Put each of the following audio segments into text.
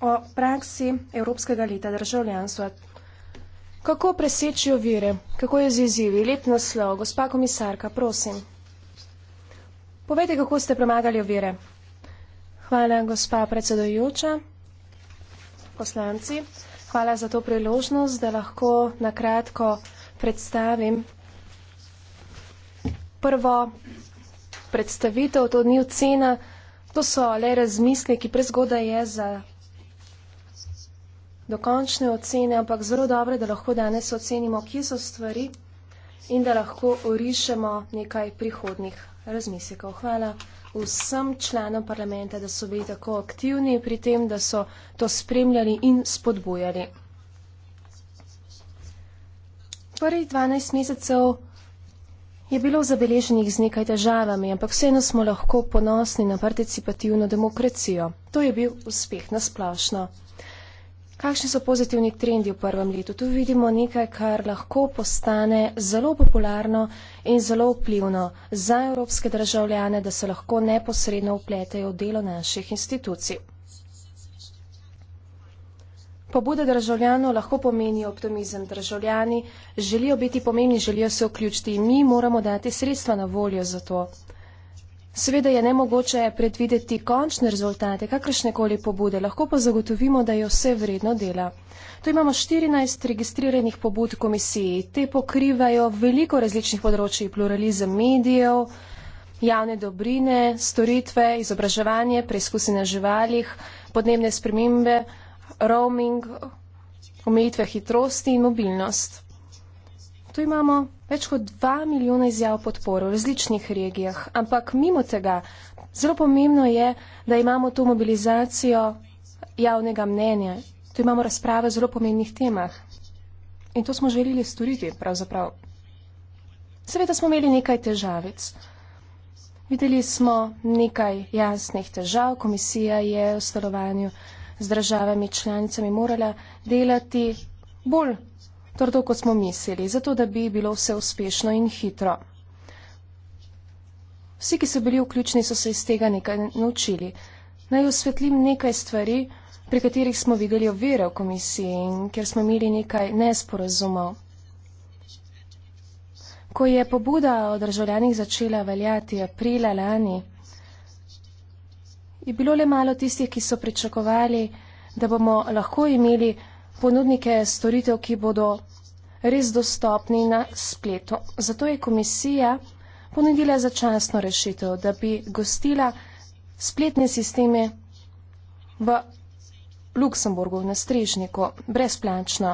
o praksi Evropskega leta državljanstva. Kako preseči ovire? Kako je z izzivi? Lep naslov. Gospa komisarka, prosim. Povejte, kako ste premagali ovire. Hvala, gospa predsedojoča, poslanci. Hvala za to priložnost, da lahko nakratko predstavim prvo predstavitev, to ni ocena, To so le razmisleki, prezgoda je za dokončne ocene, ampak zelo dobro, da lahko danes ocenimo, kje so stvari in da lahko orišemo nekaj prihodnih razmislekov. Hvala vsem članom parlamenta, da so bili tako aktivni pri tem, da so to spremljali in spodbujali. Prvi 12 mesecev Je bilo zabeleženih z nekaj težavami, ampak vseeno smo lahko ponosni na participativno demokracijo. To je bil uspeh na splošno. Kakšni so pozitivni trendi v prvem letu? Tu vidimo nekaj, kar lahko postane zelo popularno in zelo vplivno za evropske državljane, da se lahko neposredno upletejo v delo naših institucij. Pobuda državljanov lahko pomeni optimizem. Državljani želijo biti pomembni, želijo se vključiti in mi moramo dati sredstva na voljo za to. Seveda je nemogoče predvideti končne rezultate kakršne koli pobude, lahko pa zagotovimo, da je vse vredno dela. Tu imamo 14 registriranih pobud komisiji. Te pokrivajo veliko različnih področji, pluralizem medijev, javne dobrine, storitve, izobraževanje, preizkusi na živalih, podnebne spremembe, roaming, omejitve hitrosti in mobilnost. Tu imamo več kot 2 milijona izjav podporo v različnih regijah, ampak mimo tega, zelo pomembno je, da imamo tu mobilizacijo javnega mnenja. Tu imamo razprave o zelo pomembnih temah. In to smo želeli storiti, pravzaprav. Seveda smo imeli nekaj težavic. Videli smo nekaj jasnih težav, komisija je v stanovanju z državami članicami morala delati bolj trdo, kot smo mislili, zato da bi bilo vse uspešno in hitro. Vsi, ki so bili vključeni, so se iz tega nekaj naučili. Naj osvetlim nekaj stvari, pri katerih smo videli ovire v komisiji in kjer smo imeli nekaj nesporazumov. Ko je pobuda o državljanih začela veljati aprila lani, je bilo le malo tistih, ki so pričakovali, da bomo lahko imeli ponudnike storitev, ki bodo res dostopni na spletu. Zato je komisija ponudila začasno rešitev, da bi gostila spletne sisteme v Luksemburgu na strežniku brezplačno.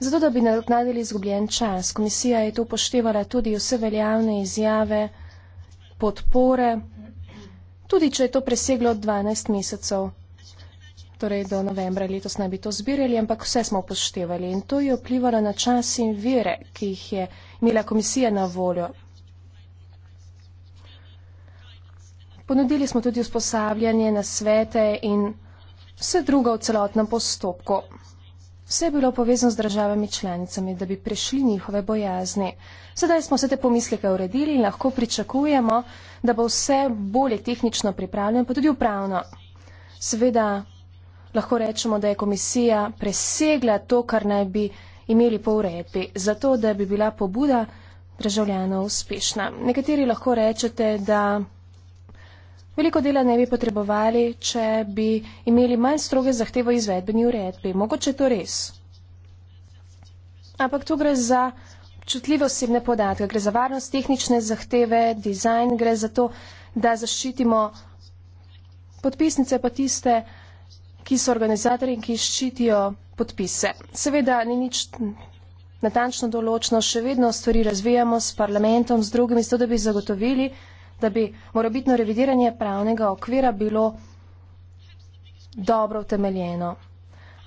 Zato, da bi nadoknadili izgubljen čas, komisija je to upoštevala tudi vse veljavne izjave podpore tudi če je to preseglo 12 mesecev. Torej, do novembra letos naj bi to zbirali, ampak vse smo upoštevali in to je vplivalo na čas in vire, ki jih je imela komisija na voljo. Ponudili smo tudi usposabljanje na svete in vse drugo v celotnem postopku. Vse je bilo povezano z državami članicami, da bi prešli njihove bojazni. Sedaj smo vse te pomisleke uredili in lahko pričakujemo, da bo vse bolje tehnično pripravljeno, pa tudi upravno. Sveda lahko rečemo, da je komisija presegla to, kar naj bi imeli po uredbi, zato da bi bila pobuda državljanov uspešna. Nekateri lahko rečete, da Veliko dela ne bi potrebovali, če bi imeli manj stroge zahtevo izvedbeni uredbi. Mogoče to res. Ampak tu gre za čutljivo osebne podatke, gre za varnost, tehnične zahteve, dizajn, gre za to, da zaščitimo podpisnice pa tiste, ki so organizatorji in ki ščitijo podpise. Seveda ni nič natančno določno, še vedno stvari razvijamo s parlamentom, z drugimi, zato da bi zagotovili, da bi morabitno revidiranje pravnega okvira bilo dobro utemeljeno.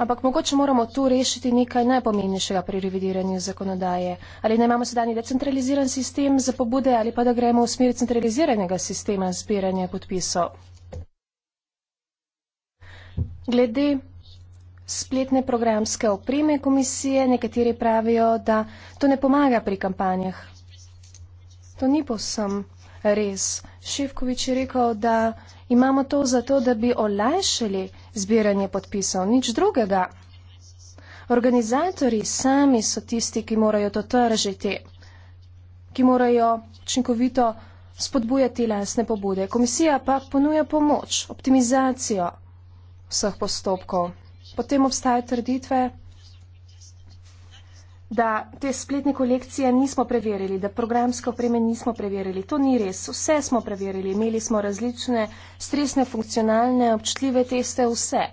Ampak mogoče moramo tu rešiti nekaj najpomembnejšega pri revidiranju zakonodaje. Ali ne imamo sedajni decentraliziran sistem za pobude ali pa da gremo v smeri centraliziranega sistema zbiranja podpisov. Glede spletne programske opreme komisije, nekateri pravijo, da to ne pomaga pri kampanjah. To ni povsem res. Šivkovič je rekel, da imamo to zato, da bi olajšali zbiranje podpisov, nič drugega. Organizatori sami so tisti, ki morajo to tržiti, ki morajo učinkovito spodbujati lasne pobude. Komisija pa ponuja pomoč, optimizacijo vseh postopkov. Potem obstajajo trditve, da te spletne kolekcije nismo preverili, da programske opreme nismo preverili. To ni res. Vse smo preverili. Imeli smo različne stresne, funkcionalne, občutljive teste, vse.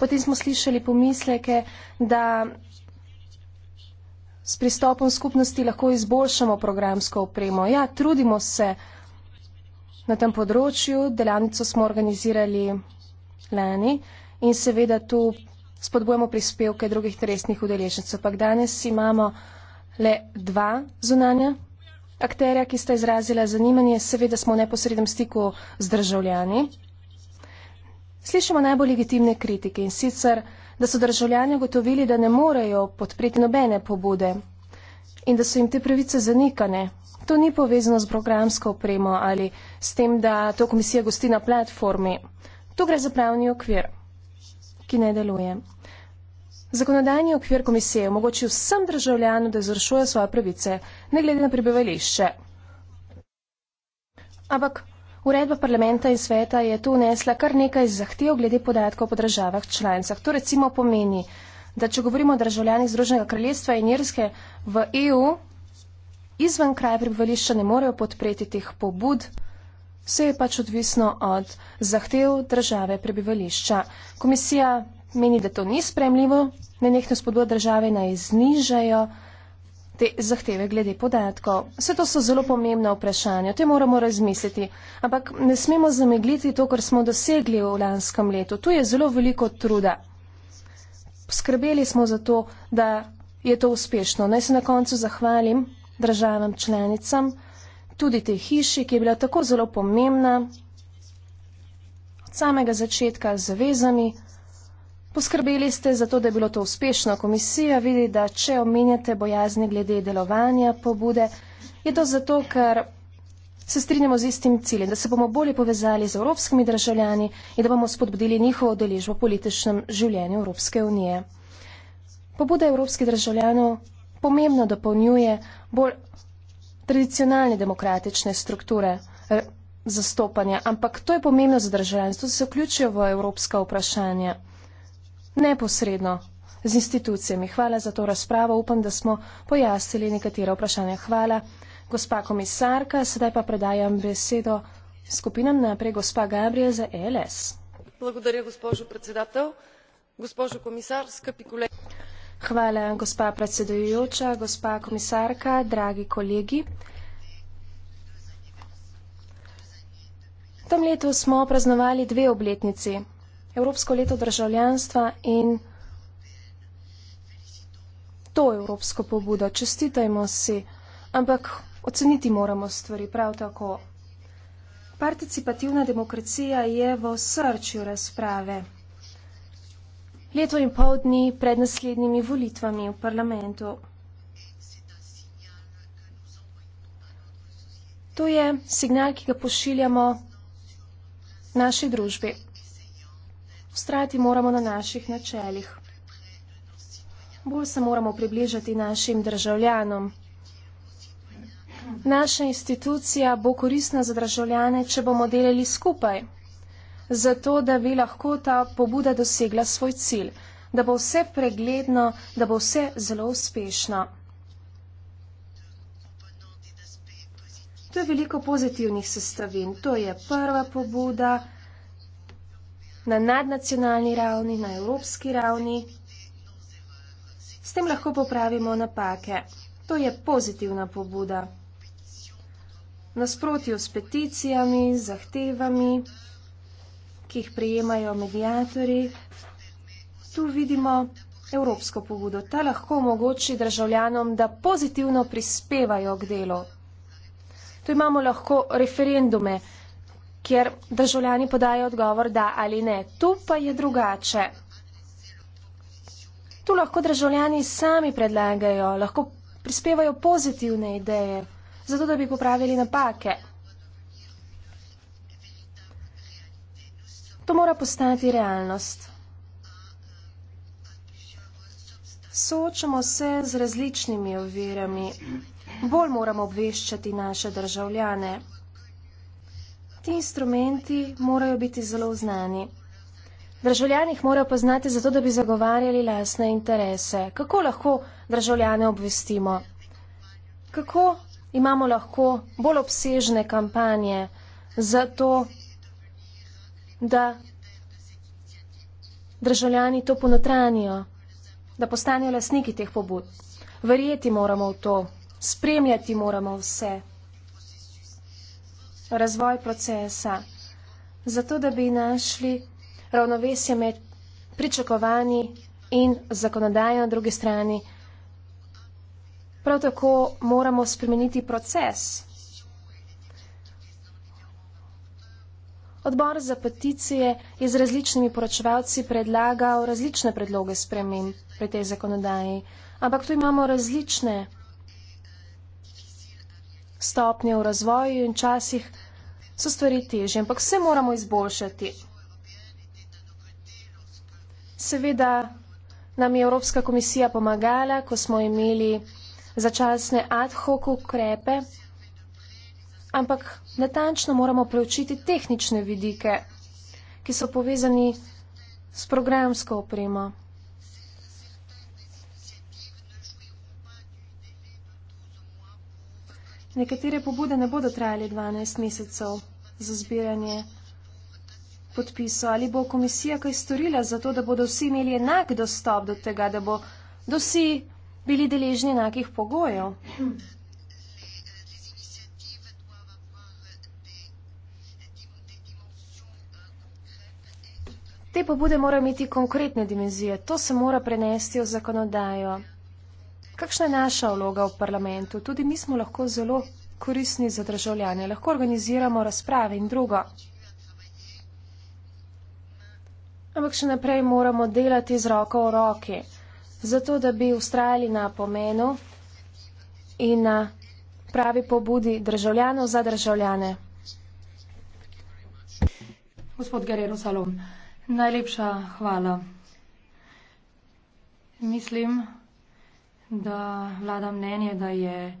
Potem smo slišali pomisleke, da s pristopom skupnosti lahko izboljšamo programsko opremo. Ja, trudimo se na tem področju. Delavnico smo organizirali lani in seveda tu spodbujamo prispevke drugih resnih udeležencev. Pak danes imamo le dva zunanja akterja, ki sta izrazila zanimanje. Seveda smo v neposrednem stiku z državljani. Slišimo najbolj legitimne kritike in sicer, da so državljani ugotovili, da ne morejo podpreti nobene pobude in da so jim te pravice zanikane. To ni povezano z programsko opremo ali s tem, da to komisija gosti na platformi. To gre za pravni okvir ki ne deluje. Zakonodajni okvir komisije omogoči vsem državljanom, da izvršuje svoje pravice, ne glede na prebivališče. Ampak uredba parlamenta in sveta je tu unesla kar nekaj zahtev glede podatkov po državah članicah. To recimo pomeni, da če govorimo o državljanih Združenega kraljestva in Irske v EU, izven kraja prebivališča ne morejo podpreti teh pobud. Vse je pač odvisno od zahtev države prebivališča. Komisija meni, da to ni spremljivo, ne nekno spodbuja države naj znižajo te zahteve glede podatkov. Vse to so zelo pomembna vprašanja, te moramo razmisliti. Ampak ne smemo zamegliti to, kar smo dosegli v lanskem letu. Tu je zelo veliko truda. Skrbeli smo za to, da je to uspešno. Naj se na koncu zahvalim državam članicam tudi te hiši, ki je bila tako zelo pomembna, od samega začetka z zavezami, poskrbeli ste za to, da je bilo to uspešno. Komisija vidi, da če omenjate bojazni glede delovanja pobude, je to zato, ker se strinjamo z istim ciljem, da se bomo bolje povezali z evropskimi državljani in da bomo spodbudili njihovo deležbo v političnem življenju Evropske unije. Pobuda evropskih državljanov pomembno dopolnjuje bolj tradicionalne demokratične strukture eh, zastopanja, ampak to je pomembno za državljanstvo, se vključijo v evropska vprašanja neposredno z institucijami. Hvala za to razpravo, upam, da smo pojasnili nekatera vprašanja. Hvala, gospa komisarka, sedaj pa predajam besedo skupinam naprej, gospa Gabriel za ELS. Благодаря, госпожо председател. Госпожо комисар, скъпи колеги. Hvala, gospa predsedujoča, gospa komisarka, dragi kolegi. V tem letu smo praznovali dve obletnici, Evropsko leto državljanstva in to evropsko pobudo. Čestitajmo si, ampak oceniti moramo stvari prav tako. Participativna demokracija je v srčju razprave. Leto in pol dni pred naslednjimi volitvami v parlamentu. To je signal, ki ga pošiljamo naši družbi. Vstrati moramo na naših načeljih. Bolj se moramo približati našim državljanom. Naša institucija bo koristna za državljane, če bomo delali skupaj zato da bi lahko ta pobuda dosegla svoj cilj, da bo vse pregledno, da bo vse zelo uspešno. To je veliko pozitivnih sestavin. To je prva pobuda na nadnacionalni ravni, na evropski ravni. S tem lahko popravimo napake. To je pozitivna pobuda. Nasprotijo s peticijami, zahtevami ki jih prejemajo medijatori. Tu vidimo evropsko pobudo. Ta lahko omogoči državljanom, da pozitivno prispevajo k delu. Tu imamo lahko referendume, kjer državljani podajo odgovor da ali ne. Tu pa je drugače. Tu lahko državljani sami predlagajo, lahko prispevajo pozitivne ideje, zato da bi popravili napake. To mora postati realnost. Soočamo se z različnimi ovirami. Bolj moramo obveščati naše državljane. Ti instrumenti morajo biti zelo znani. Državljani jih morajo poznati zato, da bi zagovarjali lasne interese. Kako lahko državljane obvestimo? Kako imamo lahko bolj obsežne kampanje za to, da da državljani to ponotranijo, da postanejo lasniki teh pobud. Verjeti moramo v to, spremljati moramo vse, razvoj procesa, zato da bi našli ravnovesje med pričakovanji in zakonodajo na drugi strani. Prav tako moramo spremeniti proces. Odbor za peticije je z različnimi poročevalci predlagal različne predloge spremen pri tej zakonodaji, ampak tu imamo različne stopnje v razvoju in časih so stvari težje, ampak vse moramo izboljšati. Seveda nam je Evropska komisija pomagala, ko smo imeli začasne ad hoc ukrepe ampak natančno moramo preučiti tehnične vidike, ki so povezani s programsko opremo. Nekatere pobude ne bodo trajale 12 mesecev za zbiranje podpisov. Ali bo komisija kaj storila za to, da bodo vsi imeli enak dostop do tega, da bodo vsi bili deležni enakih pogojev? Te pobude morajo imeti konkretne dimenzije, to se mora prenesti v zakonodajo. Kakšna je naša vloga v parlamentu? Tudi mi smo lahko zelo koristni za državljanje, lahko organiziramo razprave in drugo. Ampak še naprej moramo delati z roko v roki, zato da bi ustrajali na pomenu in na pravi pobudi državljanov za državljane. Gospod Gerero Salom. Najlepša hvala. Mislim, da vlada mnenje, da je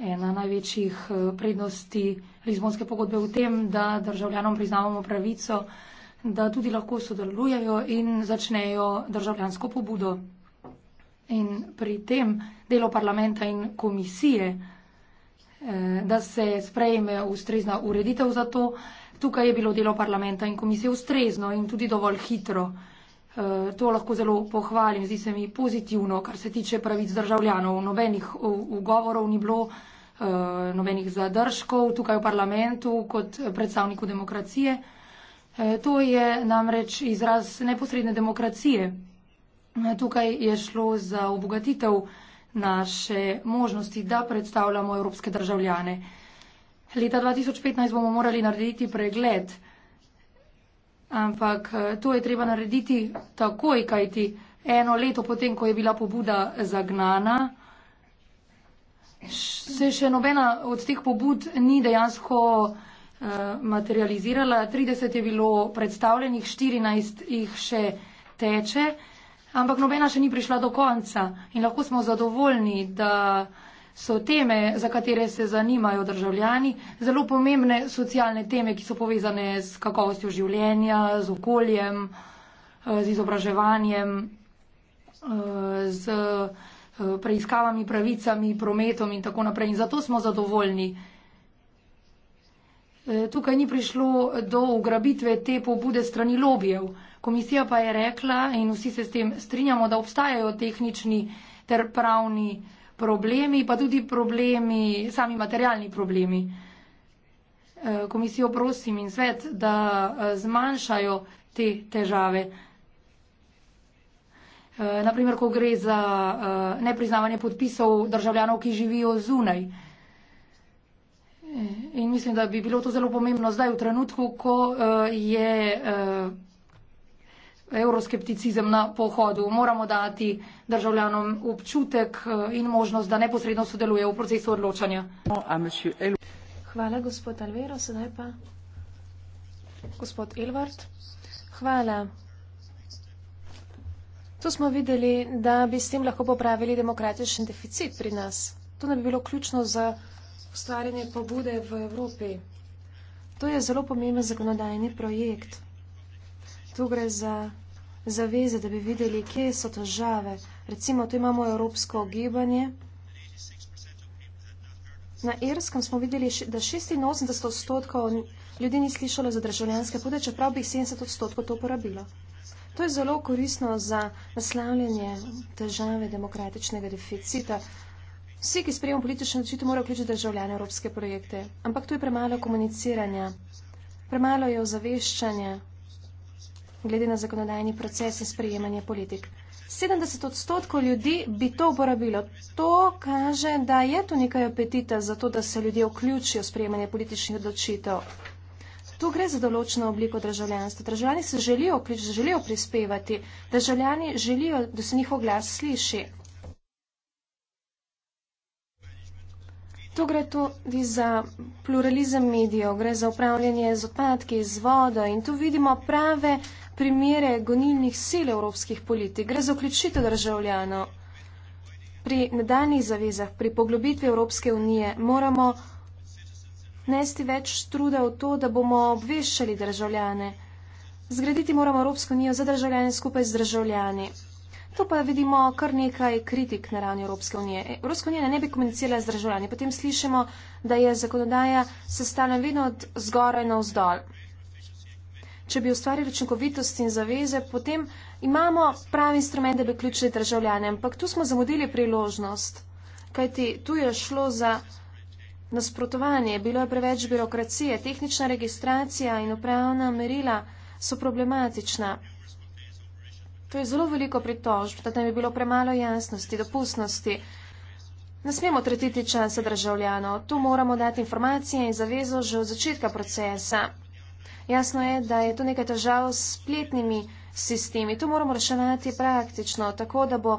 ena največjih eh, prednosti Lizbonske pogodbe v tem, da državljanom priznavamo pravico, da tudi lahko sodelujejo in začnejo državljansko pobudo. In pri tem delo parlamenta in komisije, eh, da se sprejme ustrezna ureditev za to, Tukaj je bilo delo parlamenta in komisije ustrezno in tudi dovolj hitro. Eh, to lahko zelo pohvalim, zdi se mi pozitivno, kar se tiče pravic državljanov. Nobenih ugovorov ni bilo, eh, nobenih zadržkov tukaj v parlamentu kot predstavniku demokracije. Eh, to je namreč izraz neposredne demokracije. Tukaj je šlo za obogatitev naše možnosti, da predstavljamo evropske državljane. Leta 2015 bomo morali narediti pregled, ampak eh, to je treba narediti takoj, kajti eno leto potem, ko je bila pobuda zagnana, se še nobena od teh pobud ni dejansko eh, materializirala. 30 je bilo predstavljenih, 14 jih še teče, ampak nobena še ni prišla do konca in lahko smo zadovoljni, da so teme, za katere se zanimajo državljani, zelo pomembne socialne teme, ki so povezane s kakovostjo življenja, z okoljem, eh, z izobraževanjem, eh, z eh, preiskavami, pravicami, prometom in tako naprej. In zato smo zadovoljni. Tukaj ni prišlo do ugrabitve te pobude strani lobijev. Komisija pa je rekla in vsi se s tem strinjamo, da obstajajo tehnični ter pravni problemi, pa tudi problemi, sami materialni problemi. Eh, komisijo prosim in svet, da eh, zmanjšajo te težave. Eh, Naprimer, ko gre za nepriznavanje podpisov državljanov, ki živijo zunaj. In mislim, da bi bilo to zelo pomembno zdaj v trenutku, ko je euroskepticizem na pohodu. Moramo dati državljanom občutek eh, in možnost, da neposredno sodelujejo v procesu odločanja. Hvala, gospod Alvero. Sedaj pa gospod Elvard. Hvala. Tu smo videli, da bi s tem lahko popravili demokratičen deficit pri nas. To ne bi bilo ključno za ustvarjanje pobude v Evropi. To je zelo pomemben zakonodajni projekt tu gre za zaveze, da bi videli, kje so težave. Recimo, tu imamo evropsko gibanje. Na Irskem smo videli, da 86 odstotkov ljudi ni slišalo za državljanske pode, čeprav bi 70 odstotkov to uporabilo. To je zelo koristno za naslavljanje težave demokratičnega deficita. Vsi, ki sprejemo politične odločitve, morajo vključiti državljane evropske projekte. Ampak tu je premalo komuniciranja, premalo je ozaveščanja glede na zakonodajni proces in sprejemanje politik. 70 odstotkov ljudi bi to uporabilo. To kaže, da je tu nekaj apetita za to, da se ljudje vključijo v sprejemanje političnih odločitev. Tu gre za določeno obliko državljanstva. Državljani se želijo vključiti, želijo prispevati, državljani želijo, da se njihov glas sliši. Tu gre tudi za pluralizem medijev, gre za upravljanje z odpadki, z vodo in tu vidimo prave primere gonilnih sil evropskih politik, gre za vključitev državljanov. Pri nadaljnih zavezah, pri poglobitvi Evropske unije moramo nesti več truda v to, da bomo obveščali državljane. Zgraditi moramo Evropsko unijo za državljane skupaj z državljani. To pa vidimo kar nekaj kritik na ravni Evropske unije. Evropska unija ne bi komunicirala z državljani. Potem slišimo, da je zakonodaja sestavljena vedno od zgoraj na vzdolj če bi ustvarili učinkovitost in zaveze, potem imamo pravi instrument, da bi vključili državljane. Ampak tu smo zamudili priložnost, kajti tu je šlo za nasprotovanje, bilo je preveč birokracije, tehnična registracija in upravna merila so problematična. To je zelo veliko pritožb, da tam je bilo premalo jasnosti, dopustnosti. Ne smemo tretiti časa državljanov, tu moramo dati informacije in zavezo že od začetka procesa. Jasno je, da je to nekaj težav s spletnimi sistemi. To moramo reševati praktično, tako da bo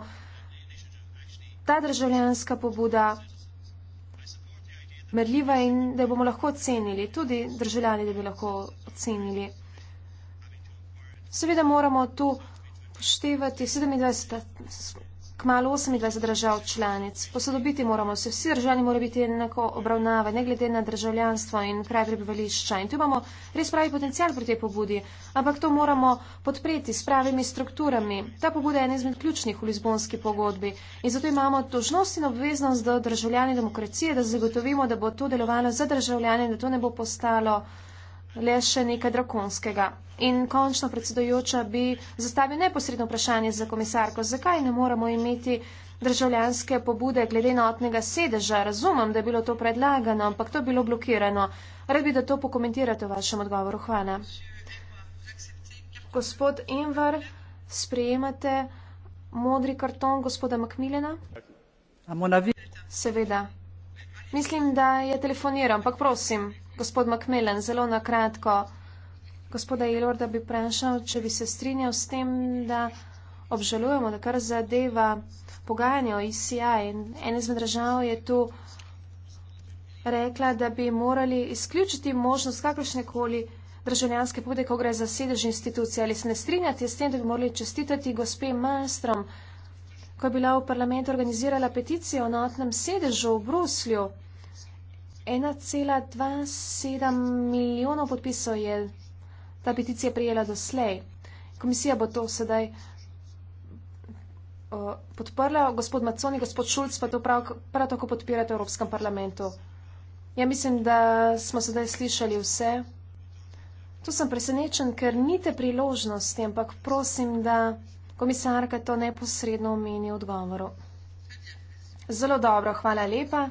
ta državljanska pobuda merljiva in da jo bomo lahko ocenili, tudi državljani, da bi lahko ocenili. Seveda moramo tu poštevati 27 kmalo 28 držav članic. Posodobiti moramo se, vsi državljani morajo biti enako obravnave, ne glede na državljanstvo in kraj prebivališča. In tu imamo res pravi potencial pri tej pobudi, ampak to moramo podpreti s pravimi strukturami. Ta pobuda je ena izmed ključnih v Lizbonski pogodbi in zato imamo dožnost in obveznost do državljani demokracije, da zagotovimo, da bo to delovalo za državljani in da to ne bo postalo le še nekaj drakonskega. In končno, predsedojoča, bi zastavil neposredno vprašanje za komisarko, zakaj ne moremo imeti državljanske pobude glede notnega sedeža. Razumem, da je bilo to predlagano, ampak to je bilo blokirano. Rad bi, da to pokomentirate v vašem odgovoru. Hvala. Gospod Invar, sprejemate modri karton gospoda Makmiljena? Seveda. Mislim, da je telefoniral, ampak prosim. Gospod Makmelen, zelo na kratko. Gospoda Jelorda bi vprašal, če bi se strinjal s tem, da obžalujemo, da kar zadeva pogajanje o ICI e in ene izmed držav je tu rekla, da bi morali izključiti možnost kakršnekoli državljanske pobude, ko gre za sedež institucije. Ali se ne strinjate s tem, da bi morali čestitati gospe Malmstrom, ko je bila v parlamentu organizirala peticijo o notnem sedežu v Bruslju? 1,27 milijonov podpisov je ta peticija prijela doslej. Komisija bo to sedaj uh, podprla, gospod Maconi, gospod Šulc pa to prav, prav tako podpirate v Evropskem parlamentu. Ja, mislim, da smo sedaj slišali vse. Tu sem presenečen, ker nite priložnosti, ampak prosim, da komisarka to neposredno omeni v odgovoru. Zelo dobro, hvala lepa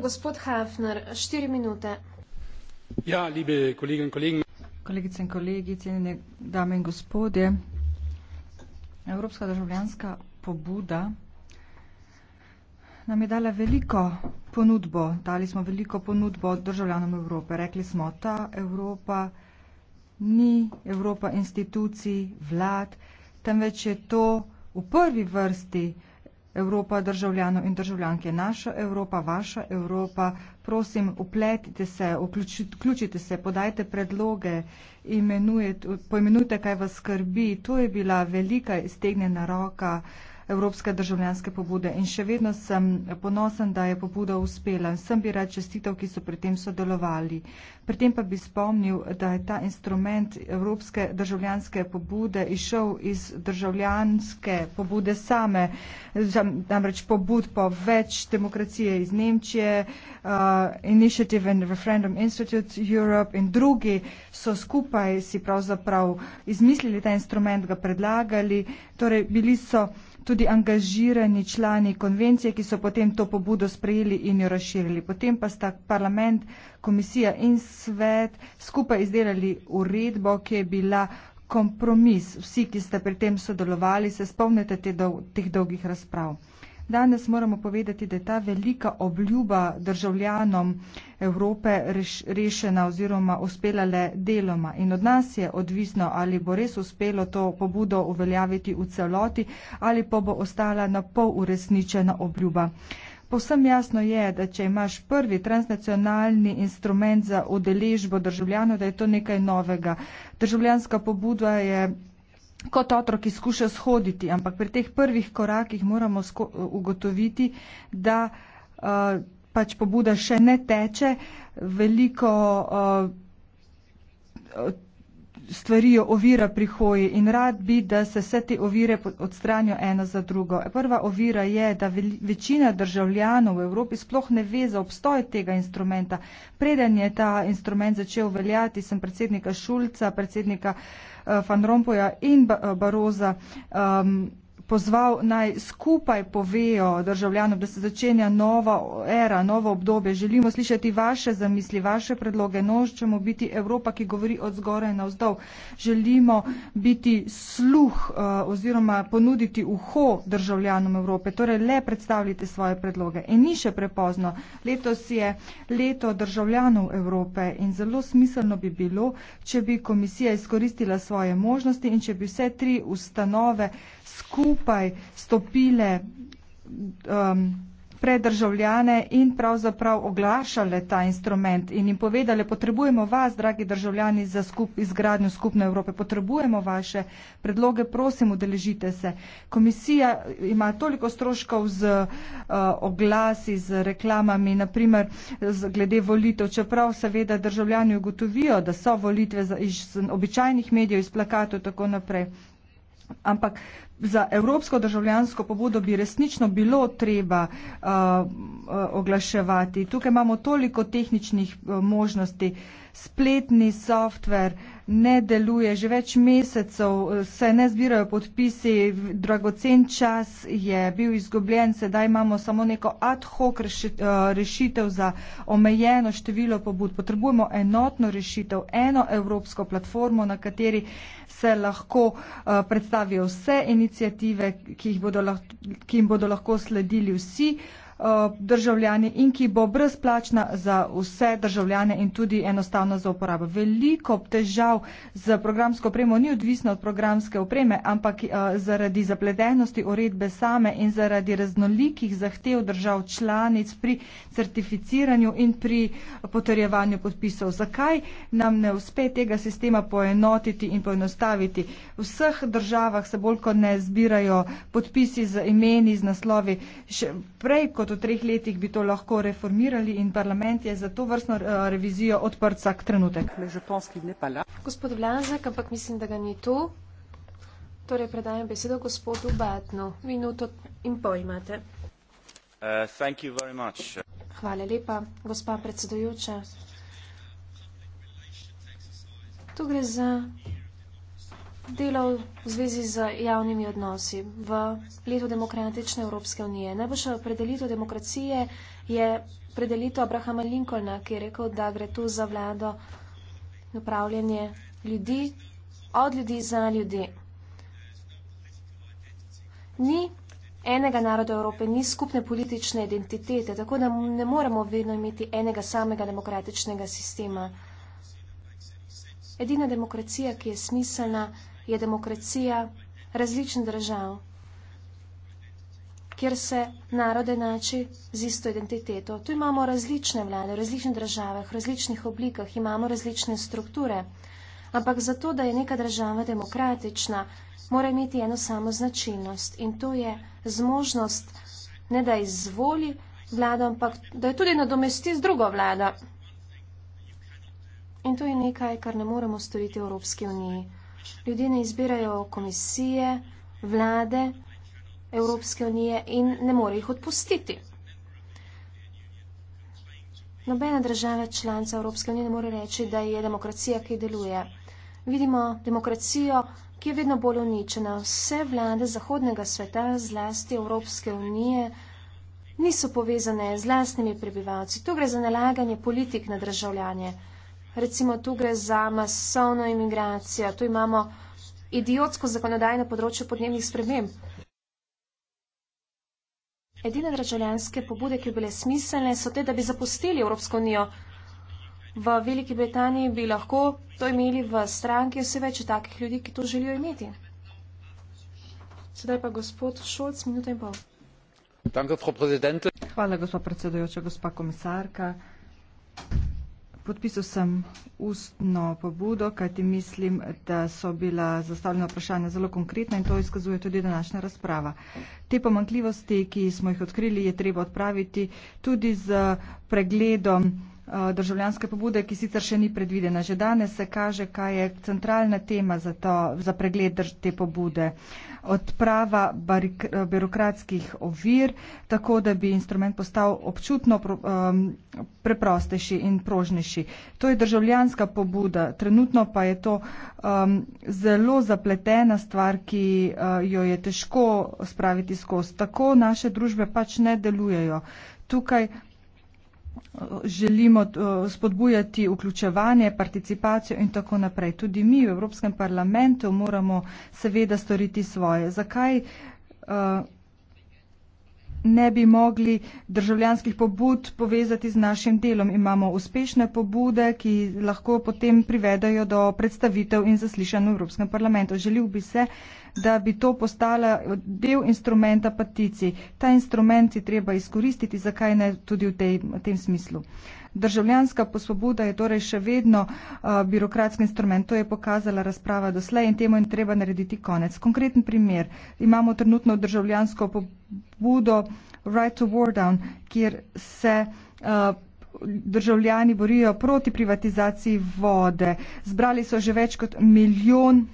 gospod Hafner, štiri minute. Ja, liebe Kolleginnen und Kollegen. Kolegice in kolegi, cenjene dame in gospodje, Evropska državljanska pobuda nam je dala veliko ponudbo, dali smo veliko ponudbo državljanom Evrope. Rekli smo, ta Evropa ni Evropa institucij, vlad, temveč je to v prvi vrsti Evropa, Evropa državljanov in državljanke, naša Evropa, vaša Evropa. Prosim, upletite se, vključite se, podajte predloge, imenujte, poimenujte, kaj vas skrbi. To je bila velika iztegnjena roka. Evropske državljanske pobude in še vedno sem ponosen, da je pobuda uspela. Sem bi rad čestitev, ki so pri tem sodelovali. Pri tem pa bi spomnil, da je ta instrument Evropske državljanske pobude išel iz državljanske pobude same, namreč pobud po več demokracije iz Nemčije, uh, Initiative and Referendum Institute Europe in drugi so skupaj si pravzaprav izmislili ta instrument, ga predlagali, torej bili so uh, tudi angažirani člani konvencije, ki so potem to pobudo sprejeli in jo razširili. Potem pa sta parlament, komisija in svet skupaj izdelali uredbo, ki je bila kompromis. Vsi, ki ste pri tem sodelovali, se spomnite te dol teh dolgih razprav. Danes moramo povedati, da je ta velika obljuba državljanom Evrope reš, rešena oziroma uspela le deloma. In od nas je odvisno, ali bo res uspelo to pobudo uveljaviti v celoti ali pa bo ostala na pol uresničena obljuba. Povsem jasno je, da če imaš prvi transnacionalni instrument za odeležbo državljanov, da je to nekaj novega. Državljanska pobuda je kot otroki skuša shoditi, ampak pri teh prvih korakih moramo ugotoviti, da uh, pač pobuda še ne teče, veliko uh, stvari ovira pri hoji in rad bi, da se vse te ovire odstranijo ena za drugo. Prva ovira je, da večina državljanov v Evropi sploh ne ve za obstoj tega instrumenta. Preden je ta instrument začel veljati, sem predsednika Šulca, predsednika uh, Van Rompuya in Barroza, um, pozval naj skupaj povejo državljanom, da se začenja nova era, novo obdobje. Želimo slišati vaše zamisli, vaše predloge. Nočemo biti Evropa, ki govori od zgoraj na vzdolj. Želimo biti sluh eh, oziroma ponuditi uho državljanom Evrope. Torej, le predstavljite svoje predloge. In ni še prepozno. Letos je leto državljanov Evrope in zelo smiselno bi bilo, če bi komisija izkoristila svoje možnosti in če bi vse tri ustanove skupaj stopile um, pred državljane in pravzaprav oglašale ta instrument in jim povedale, potrebujemo vas, dragi državljani, za skup, izgradnjo skupne Evrope, potrebujemo vaše predloge, prosim, udeležite se. Komisija ima toliko stroškov z uh, oglasi, z reklamami, naprimer z, glede volitev, čeprav seveda državljani ugotovijo, da so volitve za, iz, iz običajnih medijev, iz plakatov in tako naprej. Ampak za evropsko državljansko pobudo bi resnično bilo treba uh, uh oglaševati. Tukaj imamo toliko tehničnih uh, možnosti. Spletni softver ne deluje, že več mesecev uh, se ne zbirajo podpisi, dragocen čas je bil izgubljen, sedaj imamo samo neko ad hoc rešitev za omejeno število pobud. Potrebujemo enotno rešitev, eno evropsko platformo, na kateri se lahko predstavijo vse in iniciative, ki jih bodo lahko, ki jim bodo lahko sledili vsi, Eh, državljani in ki bo brezplačna za vse državljane in tudi enostavna za uporabo. Veliko težav z programsko opremo ni odvisno od programske opreme, ampak eh, zaradi zapletenosti uredbe same in zaradi raznolikih zahtev držav članic pri certificiranju in pri potrjevanju podpisov. Zakaj nam ne uspe tega sistema poenotiti in poenostaviti? V vseh državah se bolj kot ne zbirajo podpisi z imeni, z naslovi. Še prej kot kot v treh letih bi to lahko reformirali in parlament je za to vrstno eh, revizijo odprt vsak trenutek. Gospod Vlazak, ampak mislim, da ga ni tu. Torej predajam besedo gospodu Batnu. Minuto in pol imate. Uh, Hvala lepa, gospa predsedujoča. Tu gre za delal v zvezi z javnimi odnosi v letu demokratične Evropske unije. Najboljša predelitev demokracije je predelitev Abrahama Lincolna, ki je rekel, da gre tu za vlado upravljanje ljudi, od ljudi za ljudi. Ni enega naroda Evrope, ni skupne politične identitete, tako da ne moremo vedno imeti enega samega demokratičnega sistema. Edina demokracija, ki je smiselna, je demokracija različnih držav, kjer se narode nači z isto identiteto. Tu imamo različne vlade v različnih državah, v različnih oblikah, imamo različne strukture, ampak zato, da je neka država demokratična, mora imeti eno samo značilnost in to je zmožnost ne da izvoli vlado, ampak da je tudi nadomesti z drugo vlado. In to je nekaj, kar ne moremo storiti v Evropski uniji. Ljudje ne izbirajo komisije, vlade Evropske unije in ne more jih odpustiti. Nobena država članca Evropske unije ne more reči, da je demokracija, ki deluje. Vidimo demokracijo, ki je vedno bolj uničena. Vse vlade zahodnega sveta, zlasti Evropske unije, niso povezane z lastnimi prebivalci. Tu gre za nalaganje politik na državljanje recimo tu gre za masovno imigracijo, tu imamo idiotsko zakonodajno področje podnebnih sprememb. Edine državljanske pobude, ki bi bile smiselne, so te, da bi zapustili Evropsko unijo. V Veliki Britaniji bi lahko to imeli v stranki vse več takih ljudi, ki to želijo imeti. Sedaj pa gospod Šolc, minuta in pol. Danke, Hvala, gospod predsedujoča, gospa komisarka. Podpisal sem ustno pobudo, kajti mislim, da so bila zastavljena vprašanja zelo konkretna in to izkazuje tudi današnja razprava. Te pomankljivosti, ki smo jih odkrili, je treba odpraviti tudi z pregledom. Eh, državljanske pobude, ki sicer še ni predvidena. Že danes se kaže, kaj je centralna tema za, to, za pregled te pobude. Odprava barik, eh, birokratskih ovir, tako da bi instrument postal občutno um, preprostejši in prožnejši. To je državljanska pobuda, trenutno pa je to um, zelo zapletena stvar, ki uh, jo je težko spraviti skozi. Tako naše družbe pač ne delujejo. Tukaj želimo eh, spodbujati vključevanje, participacijo in tako naprej. Tudi mi v Evropskem parlamentu moramo seveda storiti svoje. Zakaj eh, ne bi mogli državljanskih pobud povezati z našim delom? Imamo uspešne pobude, ki lahko potem privedajo do predstavitev in zaslišanj v Evropskem parlamentu. Želil bi se, da bi to postala del instrumenta patici. Ta instrument je treba izkoristiti, zakaj ne tudi v tej, tem smislu. Državljanska posvoboda je torej še vedno uh, birokratski instrument. To je pokazala razprava doslej in temu je treba narediti konec. Konkreten primer. Imamo trenutno državljansko pobudo Right to War Down, kjer se uh, državljani borijo proti privatizaciji vode. Zbrali so že več kot milijon.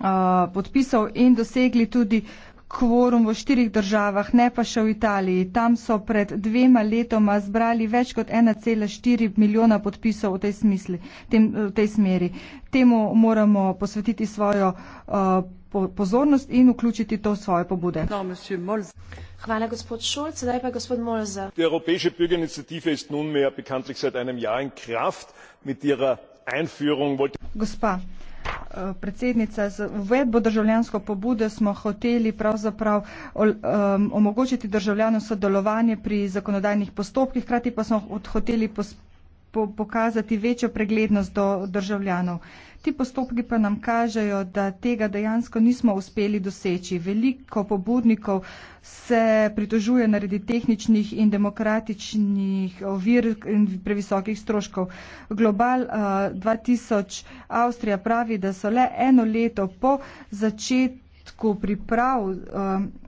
Eh, podpisov in dosegli tudi kvorum v štirih državah, ne pa še v Italiji. Tam so pred dvema letoma zbrali več kot 1,4 milijona podpisov v tej, smisli, tem, v tej smeri. Temu moramo posvetiti svojo uh, pozornost in vključiti to v svoje pobude. Hvala, gospod Šulc. Zdaj pa gospod Molza. Evropejše bürger inicijative je nunmeja bekantlik sed enem jahr in kraft mit ihrer einführung. Gospa. Eh, predsednica, z uvedbo državljansko pobude smo hoteli pravzaprav omogočiti državljanom sodelovanje pri zakonodajnih postopkih, krati pa smo hoteli pospešiti po, pokazati večjo preglednost do državljanov. Ti postopki pa nam kažejo, da tega dejansko nismo uspeli doseči. Veliko pobudnikov se pritožuje naredi tehničnih in demokratičnih ovir in previsokih stroškov. Global uh, eh, 2000 Avstrija pravi, da so le eno leto po začetku priprav. Uh,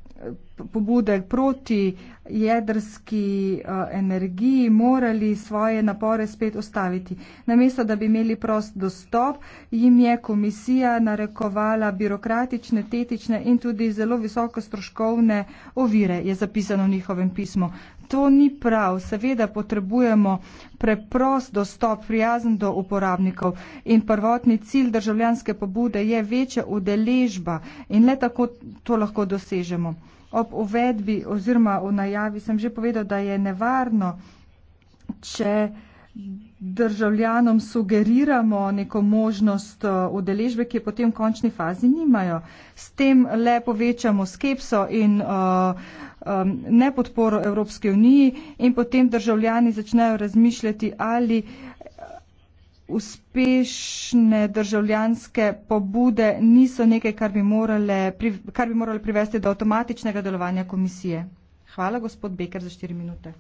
pobude proti jedrski eh, energiji morali svoje napore spet ostaviti. Namesto, da bi imeli prost dostop, jim je komisija narekovala birokratične, tetične in tudi zelo visoko stroškovne ovire, je zapisano v njihovem pismu. To ni prav. Seveda potrebujemo preprost dostop, prijazen do uporabnikov in prvotni cilj državljanske pobude je večja udeležba in le tako to lahko dosežemo ob uvedbi oziroma v najavi sem že povedal, da je nevarno, če državljanom sugeriramo neko možnost eh, udeležbe, ki je potem v končni fazi nimajo. S tem le povečamo skepso in uh, um, nepodporo Evropske unije in potem državljani začnejo razmišljati, ali uspešne državljanske pobude niso nekaj, kar bi morale, kar bi morale privesti do avtomatičnega delovanja komisije. Hvala, gospod Beker, za štiri minute.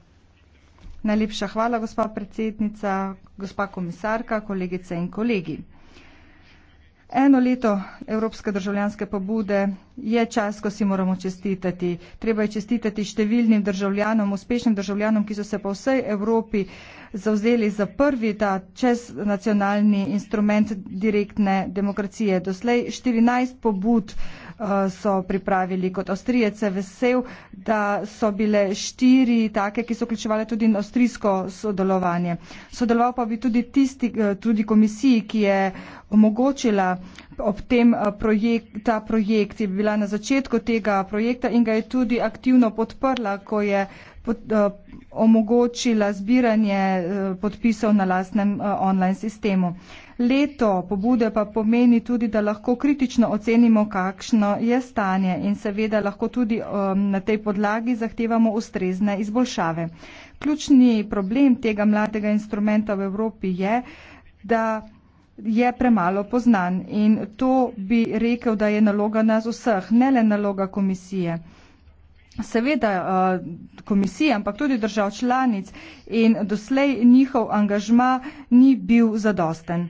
Najlepša hvala, gospa predsednica, gospa komisarka, kolegice in kolegi. Eno leto Evropske državljanske pobude je čas, ko si moramo čestitati. Treba je čestitati številnim državljanom, uspešnim državljanom, ki so se po vsej Evropi zauzeli za prvi ta čez nacionalni instrument direktne demokracije. Doslej 14 pobud. Eh, so pripravili kot Avstrijec. Vesel, da so bile štiri take, ki so vključevali tudi avstrijsko sodelovanje. Sodeloval pa bi tudi, tisti, eh, tudi komisiji, ki je omogočila ob tem eh, projekt, ta projekt, je bila na začetku tega projekta in ga je tudi aktivno podprla, ko je omogočila zbiranje podpisov na lastnem online sistemu. Leto pobude pa pomeni tudi, da lahko kritično ocenimo, kakšno je stanje in seveda lahko tudi um, na tej podlagi zahtevamo ustrezne izboljšave. Ključni problem tega mladega instrumenta v Evropi je, da je premalo poznan in to bi rekel, da je naloga nas vseh, ne le naloga komisije. Seveda uh, komisija, ampak tudi držav članic in doslej njihov angažma ni bil zadosten.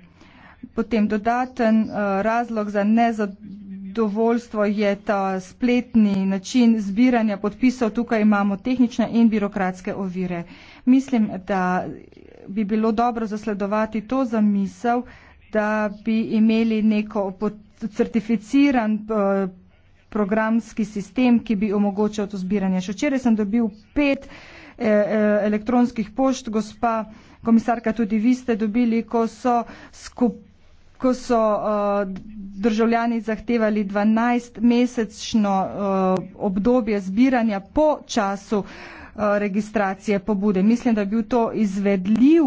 Potem dodaten eh, razlog za nezadovoljstvo je ta spletni način zbiranja podpisov. Tukaj imamo tehnične in birokratske ovire. Mislim, da bi bilo dobro zasledovati to zamisel, da bi imeli neko certificiran eh, programski sistem, ki bi omogočal to zbiranje. Še včeraj sem dobil pet eh, elektronskih pošt, gospa komisarka, tudi vi ste dobili, ko so skupaj ko so uh, državljani zahtevali 12-mesečno uh, obdobje zbiranja po času uh, registracije pobude. Mislim, da je bil to izvedljiv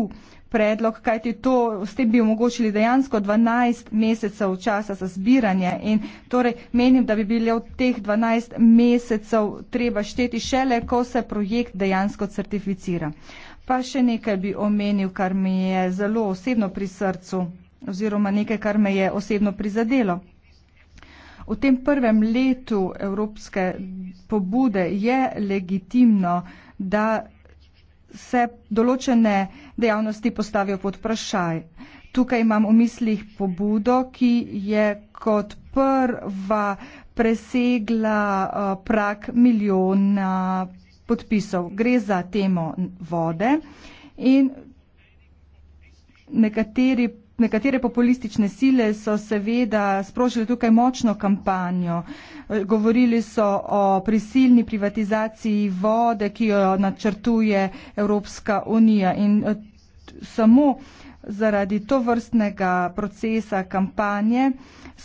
predlog, kajti to s tem bi omogočili dejansko 12 mesecev časa za zbiranje in torej menim, da bi bilo v teh 12 mesecev treba šteti šele, ko se projekt dejansko certificira. Pa še nekaj bi omenil, kar mi je zelo osebno pri srcu oziroma nekaj, kar me je osebno prizadelo. V tem prvem letu evropske pobude je legitimno, da se določene dejavnosti postavijo pod vprašaj. Tukaj imam v mislih pobudo, ki je kot prva presegla eh, prak milijona podpisov. Gre za temo vode in nekateri Nekatere populistične sile so seveda sprožile tukaj močno kampanjo. Eh, govorili so o prisilni privatizaciji vode, ki jo načrtuje Evropska unija. In eh, samo zaradi to vrstnega procesa kampanje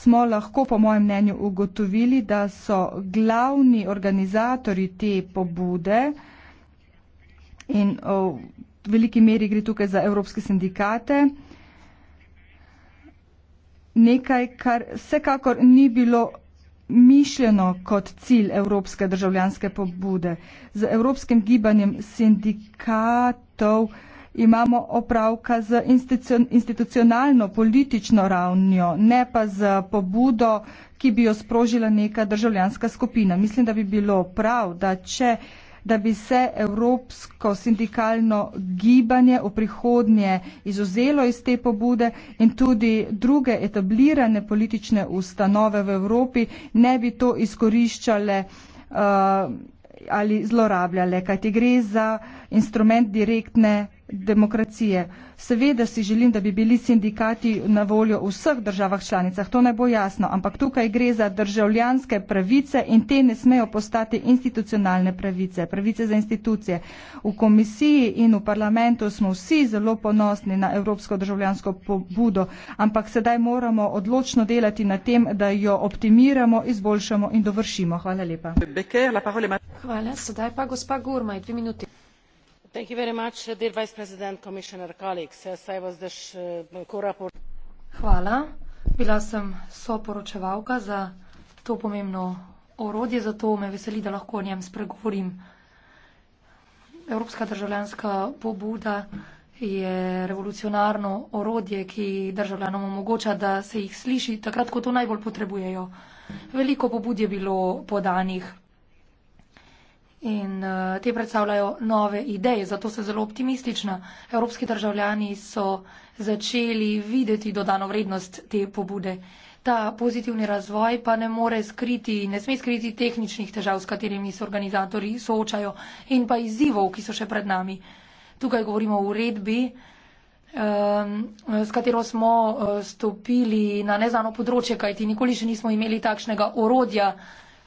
smo lahko, po mojem mnenju, ugotovili, da so glavni organizatori te pobude in eh, v veliki meri gre tukaj za evropske sindikate, nekaj, kar vsekakor ni bilo mišljeno kot cilj evropske državljanske pobude. Z evropskim gibanjem sindikatov imamo opravka z institucionalno politično ravnjo, ne pa z pobudo, ki bi jo sprožila neka državljanska skupina. Mislim, da bi bilo prav, da če da bi se evropsko sindikalno gibanje v prihodnje izuzelo iz te pobude in tudi druge etablirane politične ustanove v Evropi ne bi to izkoriščale uh, ali zlorabljale, kajti gre za instrument direktne demokracije. Seveda si želim, da bi bili sindikati na voljo v vseh državah članicah, to naj bo jasno, ampak tukaj gre za državljanske pravice in te ne smejo postati institucionalne pravice, pravice za institucije. V komisiji in v parlamentu smo vsi zelo ponosni na evropsko državljansko pobudo, ampak sedaj moramo odločno delati na tem, da jo optimiramo, izboljšamo in dovršimo. Hvala lepa. Hvala, sedaj pa gospa Gurma, dve minuti. Uh, uh, Hvala. Bila sem soporočevalka za to pomembno orodje, zato me veseli, da lahko o njem spregovorim. Evropska državljanska pobuda je revolucionarno orodje, ki državljanom omogoča, da se jih sliši takrat, ko to najbolj potrebujejo. Veliko pobud je bilo podanih. In uh, te predstavljajo nove ideje, zato se zelo optimistična. Evropski državljani so začeli videti dodano vrednost te pobude. Ta pozitivni razvoj pa ne more skriti in ne sme skriti tehničnih težav, s katerimi se organizatori soočajo in pa izzivov, ki so še pred nami. Tukaj govorimo o uredbi, ehm, s katero smo eh, stopili na neznano področje, kajti nikoli še nismo imeli takšnega orodja,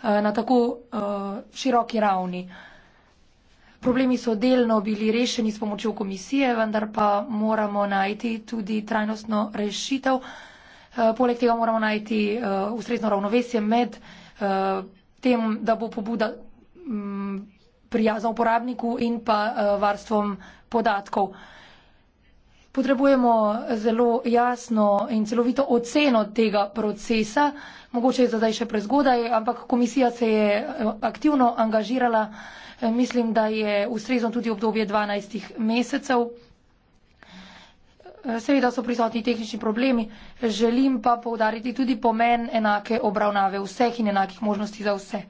Eh, na tako eh, široki ravni. Problemi so delno bili rešeni s pomočjo komisije, vendar pa moramo najti tudi trajnostno rešitev. Eh, poleg tega moramo najti ustrezno ravnovesje med tem, da bo pobuda mm, prijazna uporabniku in pa varstvom podatkov. Potrebujemo zelo jasno in celovito oceno tega procesa, mogoče je zdaj še prezgodaj, ampak komisija se je eh, aktivno angažirala, eh, mislim, da je ustrezno tudi obdobje 12 mesecev. Eh, seveda so prisotni tehnični problemi, želim pa povdariti tudi pomen enake obravnave vseh in enakih možnosti za vse.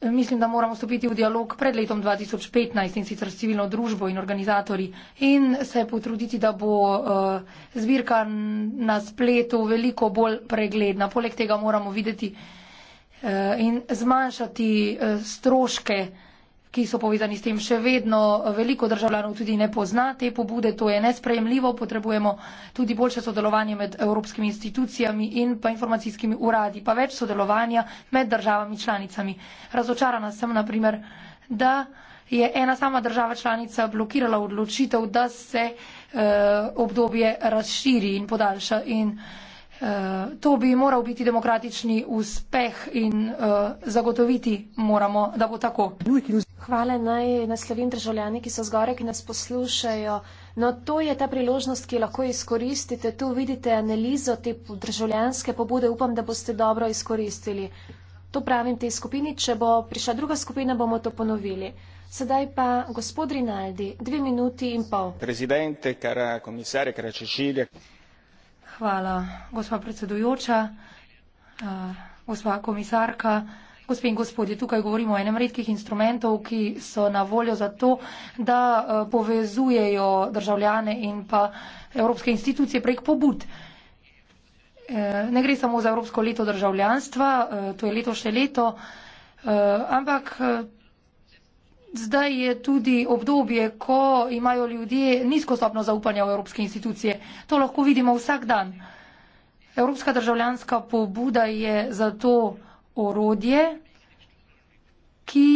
Mislim, da moramo stopiti v dialog pred letom 2015 in sicer s civilno družbo in organizatorji in se potruditi, da bo eh, zbirka na spletu veliko bolj pregledna. Poleg tega moramo videti eh, in zmanjšati eh, stroške ki so povezani s tem. Še vedno veliko državljanov tudi ne pozna te pobude, to je nesprejemljivo. Potrebujemo tudi boljše sodelovanje med evropskimi institucijami in pa informacijskimi uradi, pa več sodelovanja med državami članicami. Razočarana sem, na primer, da je ena sama država članica blokirala odločitev, da se eh, obdobje razširi in podaljša. In, eh, Eh, to bi moral biti demokratični uspeh in eh, zagotoviti moramo, da bo tako. Hvala naj naslovim državljani, ki so zgore, ki nas poslušajo. No, to je ta priložnost, ki jo lahko izkoristite. Tu vidite analizo te državljanske pobude. Upam, da boste dobro izkoristili. To pravim tej skupini. Če bo prišla druga skupina, bomo to ponovili. Sedaj pa gospod Rinaldi, dve minuti in pol. Prezidente, kara komisarja, kara Čečilja. Hvala, gospa predsedujoča, uh, gospa komisarka. Gospe in gospodje, tukaj govorimo o enem redkih instrumentov, ki so na voljo za to, da povezujejo državljane in pa evropske institucije prek pobud. E, ne gre samo za Evropsko leto državljanstva, e, to je letošnje leto, e, ampak Zdaj je tudi obdobje, ko imajo ljudje nizko stopno zaupanja v evropske institucije. To lahko vidimo vsak dan. Evropska državljanska pobuda je zato orodje, ki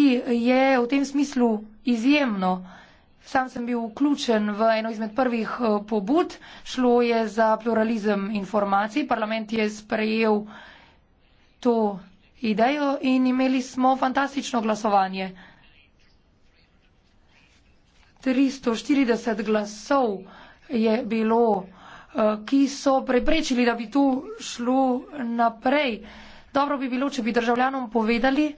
je v tem smislu izjemno. Sam sem bil vključen v eno izmed prvih eh, pobud. Šlo je za pluralizem informacij. Parlament je sprejel to idejo in imeli smo fantastično glasovanje. 340 glasov je bilo, eh, ki so preprečili, da bi to šlo naprej. Dobro bi bilo, če bi državljanom povedali,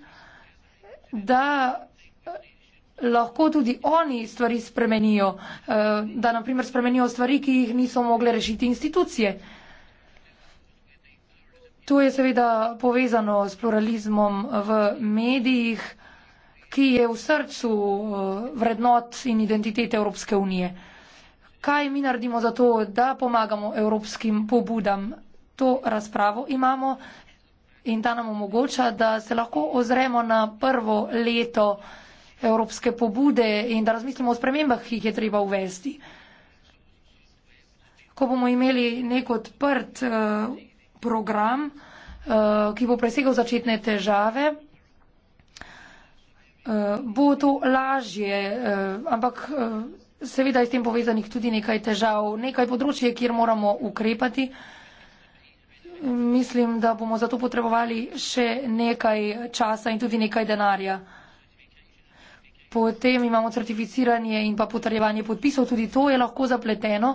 da eh, lahko tudi oni stvari spremenijo, eh, da naprimer spremenijo stvari, ki jih niso mogle rešiti institucije. To je seveda povezano s pluralizmom v medijih ki je v srcu eh, vrednot in identitete Evropske unije. Kaj mi naredimo za to, da pomagamo evropskim pobudam? To razpravo imamo in ta nam omogoča, da se lahko ozremo na prvo leto evropske pobude in da razmislimo o spremembah, ki jih je treba uvesti. Ko bomo imeli nek odprt uh, program, uh, ki bo presegal začetne težave, Eh, bo to lažje, eh, ampak eh, seveda je s tem povezanih tudi nekaj težav, nekaj področje, kjer moramo ukrepati. Mislim, da bomo zato potrebovali še nekaj časa in tudi nekaj denarja. Potem imamo certificiranje in pa potrjevanje podpisov, tudi to je lahko zapleteno.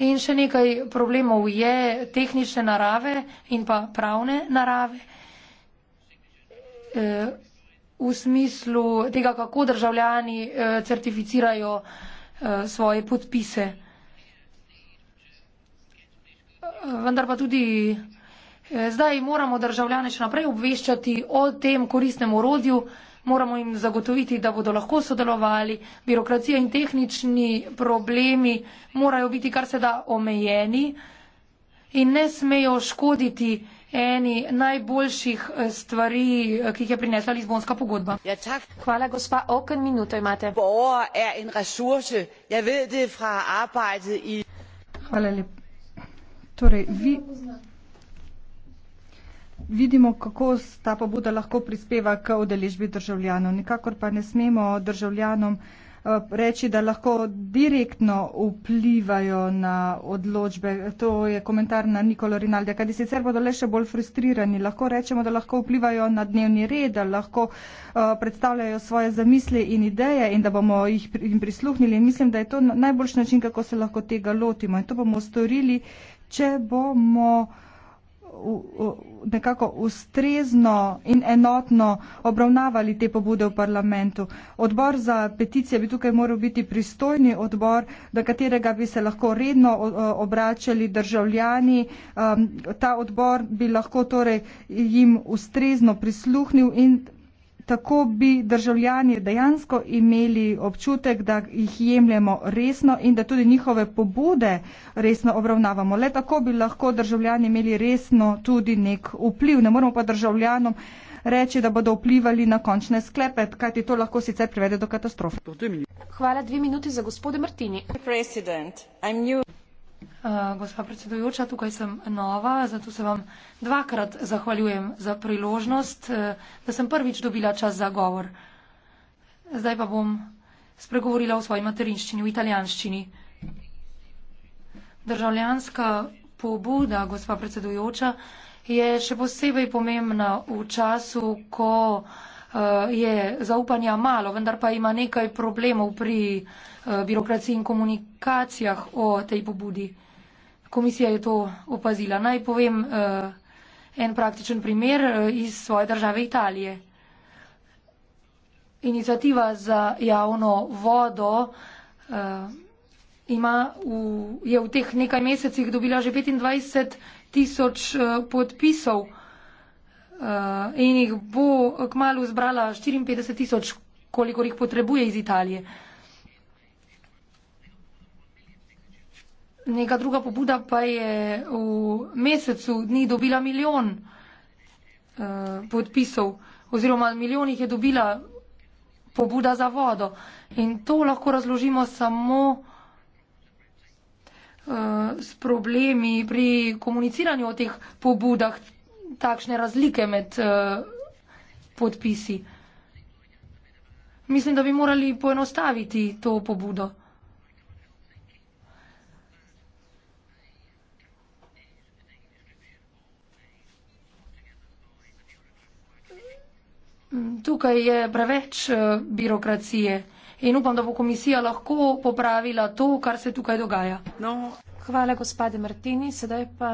In še nekaj problemov je tehnične narave in pa pravne narave. E, v smislu tega, kako državljani eh, certificirajo eh, svoje podpise. Vendar pa tudi eh, zdaj moramo državljane še naprej obveščati o tem koristnem urodju, moramo jim zagotoviti, da bodo lahko sodelovali, birokracija in tehnični problemi morajo biti kar se da omejeni in ne smejo škoditi eni najboljših eh, stvari, eh, ki jih je prinesla Lizbonska pogodba. Ja, Hvala, gospa Oken, minuto imate. Ja, vedi, arbejde, i... Hvala lepa. Torej, vi... Vidimo, kako ta pobuda lahko prispeva k udeležbi državljanov. Nikakor pa ne smemo državljanom. Eh, reči, da lahko direktno vplivajo na odločbe. To je komentar na Nikolo Rinaldi, kaj sicer bodo le še bolj frustrirani. Lahko rečemo, da lahko vplivajo na dnevni red, da lahko uh, predstavljajo svoje zamisli in ideje in da bomo jih jim prisluhnili. In mislim, da je to najboljši način, kako se lahko tega lotimo. In to bomo storili, če bomo. Uh, nekako ustrezno in enotno obravnavali te pobude v parlamentu. Odbor za peticije bi tukaj moral biti pristojni odbor, do katerega bi se lahko redno obračali državljani. Um, ta odbor bi lahko torej jim ustrezno prisluhnil in tako bi državljani dejansko imeli občutek, da jih jemljemo resno in da tudi njihove pobude resno obravnavamo. Le tako bi lahko državljani imeli resno tudi nek vpliv. Ne moramo pa državljanom reči, da bodo vplivali na končne sklepe, kajti to lahko sicer privede do katastrofe. Hvala dve minuti za gospode Martini. Eh, gospa predsedujoča, tukaj sem nova, zato se vam dvakrat zahvaljujem za priložnost, eh, da sem prvič dobila čas za govor. Zdaj pa bom spregovorila v svoji materinščini, v italijanščini. Državljanska pobuda, gospa predsedujoča, je še posebej pomembna v času, ko Eh, je zaupanja malo, vendar pa ima nekaj problemov pri eh, birokraciji in komunikacijah o tej pobudi. Komisija je to opazila. Naj povem eh, en praktičen primer iz svoje države Italije. Inicijativa za javno vodo ima v, je v teh nekaj mesecih dobila že 25 tisoč podpisov uh, in jih bo kmalo zbrala 54 tisoč, koliko jih potrebuje iz Italije. Neka druga pobuda pa je v mesecu dni dobila milijon uh, podpisov oziroma milijon jih je dobila pobuda za vodo. In to lahko razložimo samo uh, s problemi pri komuniciranju o teh pobudah, takšne razlike med eh, podpisi. Mislim, da bi morali poenostaviti to pobudo. Tukaj je preveč eh, birokracije in upam, da bo komisija lahko popravila to, kar se tukaj dogaja. No. Hvala, gospode Martini. Sedaj pa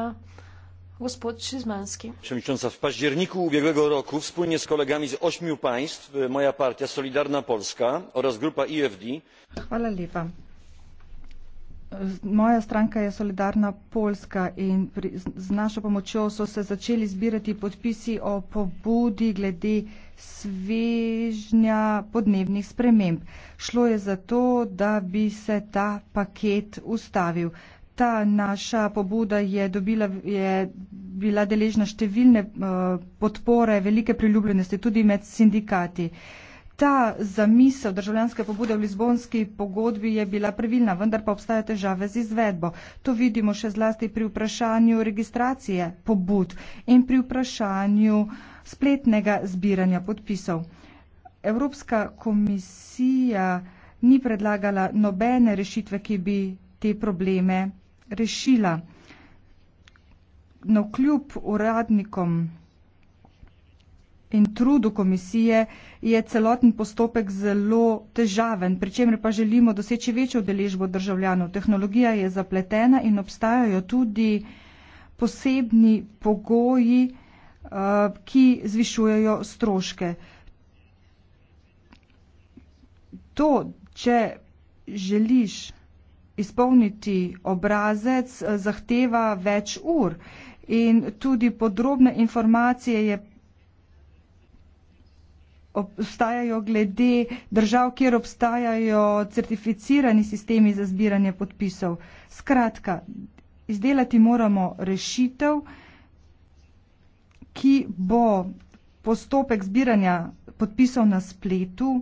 pani przewodnicząca! w październiku ubiegłego roku wspólnie z kolegami z ośmiu państw e, moja partia solidarna polska oraz grupa efd e, moja stranka je solidarna poljska in z našo pomočjo so se začeli zbirati podpisi o pobudi glede svežnja podnebnih sprememb. šlo je za to da bi se ta paket ustavil ta naša pobuda je dobila, je bila deležna številne eh, podpore, velike priljubljenosti tudi med sindikati. Ta zamisel državljanske pobude v Lizbonski pogodbi je bila pravilna, vendar pa obstaja težave z izvedbo. To vidimo še zlasti pri vprašanju registracije pobud in pri vprašanju spletnega zbiranja podpisov. Evropska komisija ni predlagala nobene rešitve, ki bi te probleme rešila. No, kljub uradnikom in trudu komisije je celoten postopek zelo težaven, pri čemer pa želimo doseči večjo deležbo državljanov. Tehnologija je zapletena in obstajajo tudi posebni pogoji, eh, ki zvišujejo stroške. To, če želiš izpolniti obrazec eh, zahteva več ur in tudi podrobne informacije je obstajajo glede držav, kjer obstajajo certificirani sistemi za zbiranje podpisov. Skratka, izdelati moramo rešitev, ki bo postopek zbiranja podpisov na spletu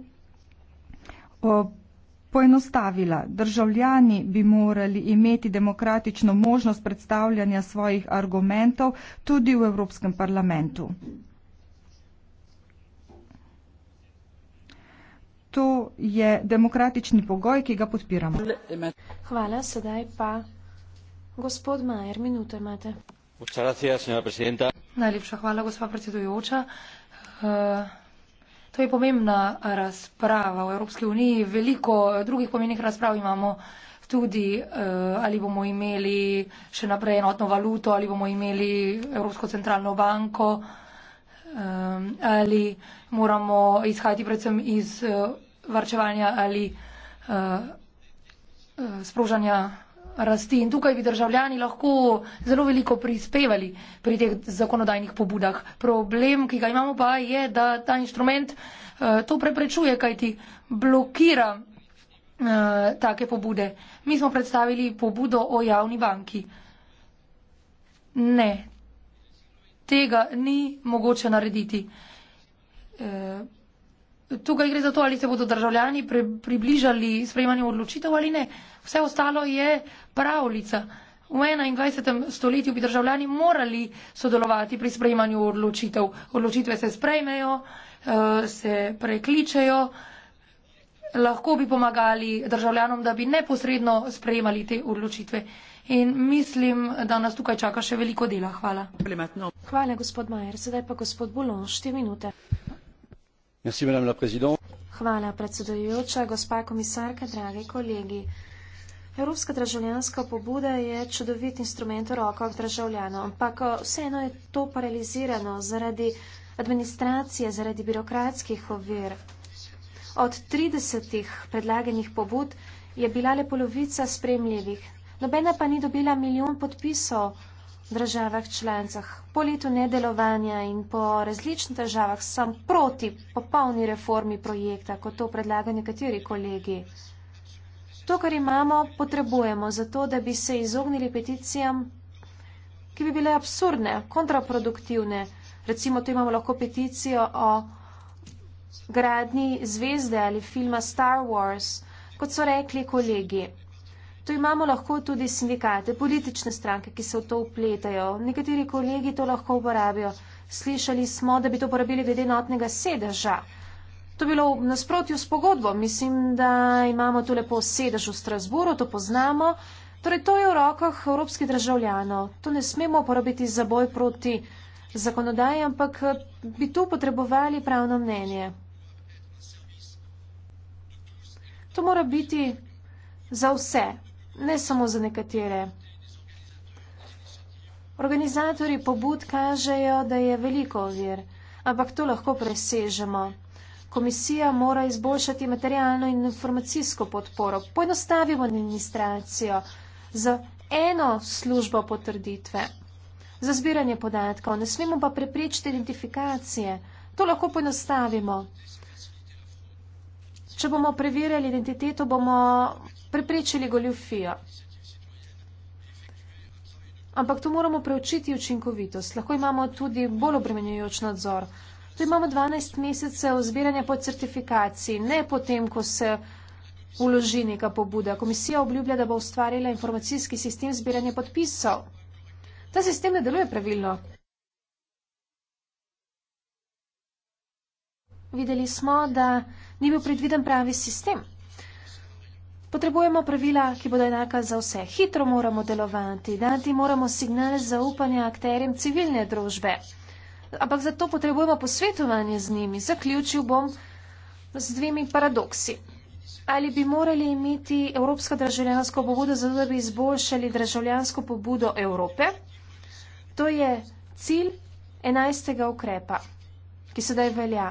poenostavila. Državljani bi morali imeti demokratično možnost predstavljanja svojih argumentov tudi v Evropskem parlamentu. To je demokratični pogoj, ki ga podpiramo. Hvala, sedaj pa gospod Majer, minuto imate. Gracias, Najlepša hvala, gospod predsedujoča. Uh, To je pomembna razprava v Evropski uniji. Veliko drugih pomenih razprav imamo tudi, eh, ali bomo imeli še naprej enotno valuto, ali bomo imeli Evropsko centralno banko, eh, ali moramo izhajati predvsem iz eh, varčevanja ali sprožanja rasti. In tukaj bi državljani lahko zelo veliko prispevali pri teh zakonodajnih pobudah. Problem, ki ga imamo pa je, da ta inštrument eh, to preprečuje, kaj ti blokira eh, take pobude. Mi smo predstavili pobudo o javni banki. Ne, tega ni mogoče narediti. Eh, Tukaj gre za to, ali se bodo državljani pri, približali sprejemanju odločitev ali ne. Vse ostalo je pravljica. V 21. stoletju bi državljani morali sodelovati pri sprejemanju odločitev. Odločitve se sprejmejo, eh, se prekličejo, lahko bi pomagali državljanom, da bi neposredno sprejemali te odločitve. In mislim, da nas tukaj čaka še veliko dela. Hvala. Hvala, gospod Majer. Sedaj pa gospod Bulon, 4 minute. Hvala, predsedujoča, gospa komisarka, dragi kolegi. Evropska državljanska pobuda je čudovit instrument v rokah državljanov, ampak eh, vseeno je to paralizirano zaradi administracije, zaradi birokratskih ovir. Od 30 predlaganih pobud je bila le polovica spremljivih. Nobena pa ni dobila milijon podpisov državah člencah. Po letu nedelovanja in po različnih državah sem proti popolni reformi projekta, kot to predlagajo nekateri kolegi. To, kar imamo, potrebujemo za to, da bi se izognili peticijam, ki bi bile absurdne, kontraproduktivne. Recimo, tu imamo lahko peticijo o gradni zvezde ali filma Star Wars, kot so rekli kolegi. Tu imamo lahko tudi sindikate, politične stranke, ki se v to upletajo. Nekateri kolegi to lahko uporabijo. Slišali smo, da bi to uporabili glede notnega sedeža. To je bilo v nasprotju s pogodbo. Mislim, da imamo tu lepo sedež v Strasburu, to poznamo. Torej, to je v rokah evropskih državljanov. To ne smemo uporabiti za boj proti zakonodaji, ampak eh, bi tu potrebovali pravno mnenje. To mora biti za vse ne samo za nekatere. Organizatori pobud kažejo, da je veliko ovir, ampak to lahko presežemo. Komisija mora izboljšati materialno in informacijsko podporo. Poenostavimo administracijo z eno službo potrditve. Za zbiranje podatkov ne smemo pa preprečiti identifikacije. To lahko poenostavimo. Če bomo preverjali identiteto, bomo preprečili goljufijo. Ampak to moramo preučiti učinkovitost. Lahko imamo tudi bolj obremenjujoč nadzor. Tu imamo 12 mesecev zbiranja po certifikaciji, ne potem, ko se uloži neka pobuda. Komisija obljublja, da bo ustvarila informacijski sistem zbiranja podpisov. Ta sistem ne deluje pravilno. Videli smo, da ni bil predviden pravi sistem. Potrebujemo pravila, ki bodo enaka za vse. Hitro moramo delovati, dati moramo signal zaupanja akterjem civilne družbe. Ampak za to potrebujemo posvetovanje z njimi. Zaključil bom z dvemi paradoksi. Ali bi morali imeti evropsko državljansko pobudo, zato da bi izboljšali državljansko pobudo Evrope? To je cilj enajstega ukrepa, ki sedaj velja.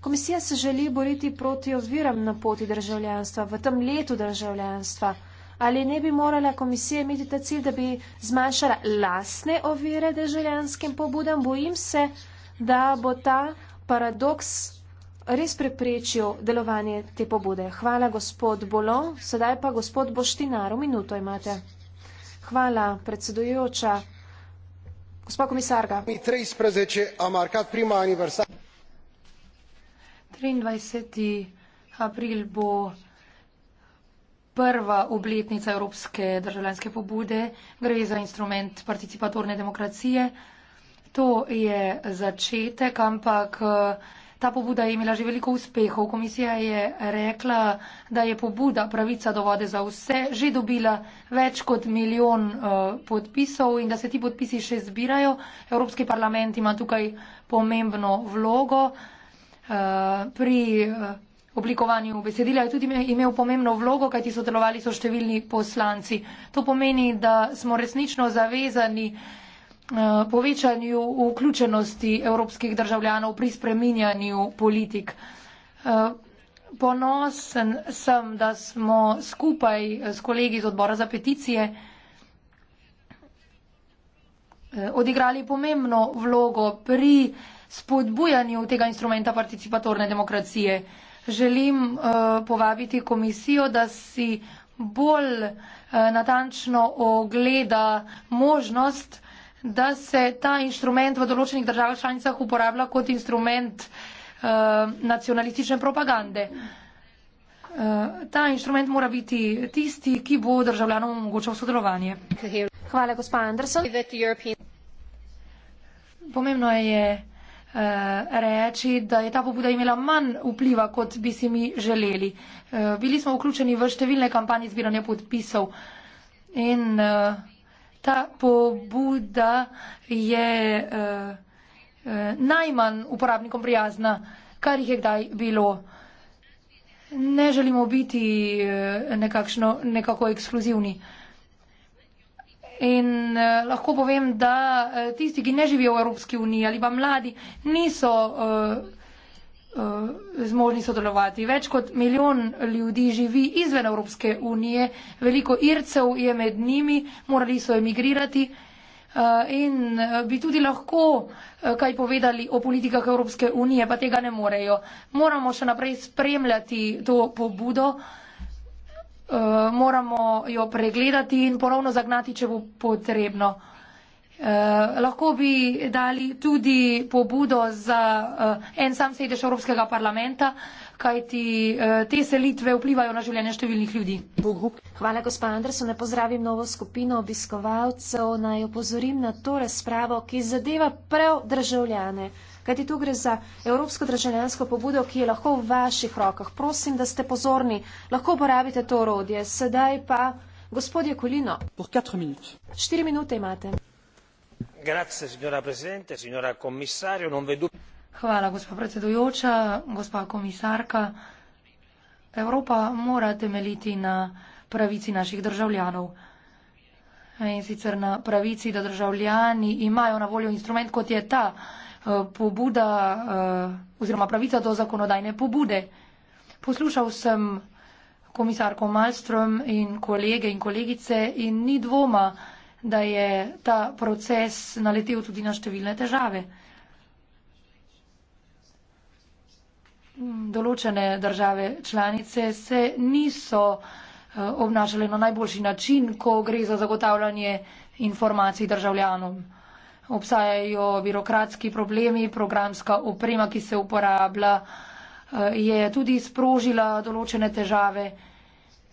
Komisija se želi boriti proti oziram na poti državljanstva, v tem letu državljanstva. Ali ne bi morala komisija imeti ta cilj, da bi zmanjšala lasne ovire državljanskim pobudam? Bojim se, da bo ta paradoks res preprečil delovanje te pobude. Hvala, gospod Bolon. Sedaj pa gospod Boštinar, v minuto imate. Hvala, predsedujoča. Gospa komisarka. 13. a markat prima aniversar. 23. april bo prva obletnica Evropske državljanske pobude. Gre za instrument participatorne demokracije. To je začetek, ampak eh, ta pobuda je imela že veliko uspehov. Komisija je rekla, da je pobuda pravica do vode za vse že dobila več kot milijon eh, podpisov in da se ti podpisi še zbirajo. Evropski parlament ima tukaj pomembno vlogo. Eh, pri eh, oblikovanju besedila je tudi imel pomembno vlogo, kajti sodelovali so številni poslanci. To pomeni, da smo resnično zavezani eh, povečanju vključenosti evropskih državljanov pri spreminjanju politik. Ponosen sem, da smo skupaj s kolegi iz odbora za peticije odigrali pomembno vlogo pri spodbujanju tega instrumenta participatorne demokracije. Želim uh, povabiti komisijo, da si bolj uh, natančno ogleda možnost, da se ta instrument v določenih državah članicah uporablja kot instrument uh, nacionalistične propagande. Ta instrument mora biti tisti, ki bo državljanom omogočal sodelovanje. Hvala, gospod Anderson. Pomembno je, Eh, reči, da je ta pobuda imela manj vpliva, kot bi si mi želeli. Eh, bili smo vključeni v številne kampanje zbiranja podpisov in eh, ta pobuda je najmanj uporabnikom prijazna, kar jih je kdaj bilo. Ne želimo biti nekakšno, nekako ekskluzivni. In eh, lahko povem, da eh, tisti, ki ne živijo v Evropski uniji ali pa mladi, niso eh, eh, zmožni sodelovati. Več kot milijon ljudi živi izven Evropske unije, veliko ircev je med njimi, morali so emigrirati. Uh, in eh, bi tudi lahko uh, kaj povedali o politikah Evropske unije, pa tega ne morejo. Moramo še naprej spremljati to pobudo. Uh, Eh, moramo jo pregledati in ponovno zagnati, če bo potrebno. Uh, lahko bi dali tudi pobudo za uh, en sam sedež Evropskega parlamenta, kajti uh, te selitve vplivajo na življenje številnih ljudi. Hvala, gospa Andreso. Ne pozdravim novo skupino obiskovalcev. Naj opozorim na to razpravo, ki zadeva prav državljane kajti tu gre za evropsko državljansko pobudo, ki je lahko v vaših rokah. Prosim, da ste pozorni, lahko uporabite to orodje. Sedaj pa, gospodje Kolino, štiri minute imate. Grazie, signora presidente, signora commissario, non vedo. Hvala, gospod predsedujoča, gospa komisarka. Evropa mora temeljiti na pravici naših državljanov. In sicer na pravici, da državljani imajo na voljo instrument, kot je ta, Eh, pobuda eh, oziroma pravica do zakonodajne pobude. Poslušal sem komisarko Malmström in kolege in kolegice in ni dvoma, da je ta proces naletel tudi na številne težave. Določene države članice se niso eh, obnašale na najboljši način, ko gre za zagotavljanje informacij državljanom obstajajo birokratski problemi, programska oprema, ki se uporablja, eh, je tudi sprožila določene težave.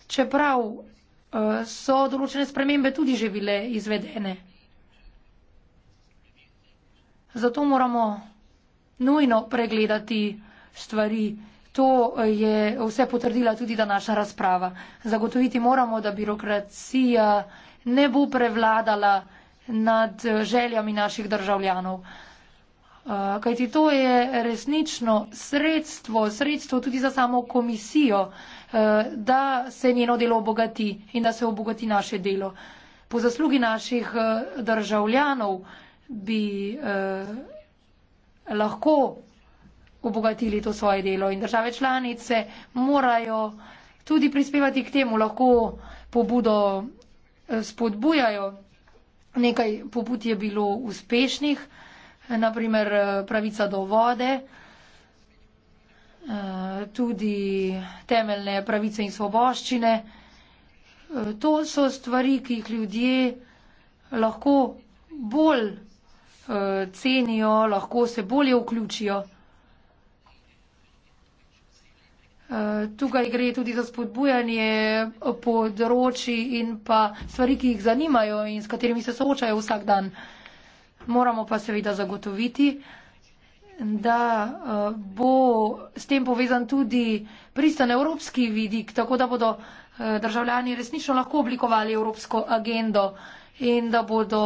Čeprav eh, so določene spremembe tudi že bile izvedene. Zato moramo nujno pregledati stvari. To eh, je vse potrdila tudi današnja razprava. Zagotoviti moramo, da birokracija ne bo prevladala nad eh, željami naših državljanov. Eh, kajti to je resnično sredstvo, sredstvo tudi za samo komisijo, eh, da se njeno delo obogati in da se obogati naše delo. Po zaslugi naših državljanov bi lahko obogatili to svoje delo in države članice morajo tudi prispevati k temu, lahko pobudo spodbujajo Nekaj pobud je bilo uspešnih, naprimer eh, pravica do vode, eh, tudi temeljne pravice in svoboščine. Eh, to so stvari, ki jih ljudje lahko bolj cenijo, lahko se bolje vključijo. Tukaj gre tudi za spodbujanje področji in pa stvari, ki jih zanimajo in s katerimi se soočajo vsak dan. Moramo pa seveda zagotoviti, da eh, bo s tem povezan tudi pristan evropski vidik, tako da bodo eh, državljani resnično lahko oblikovali evropsko agendo in da bodo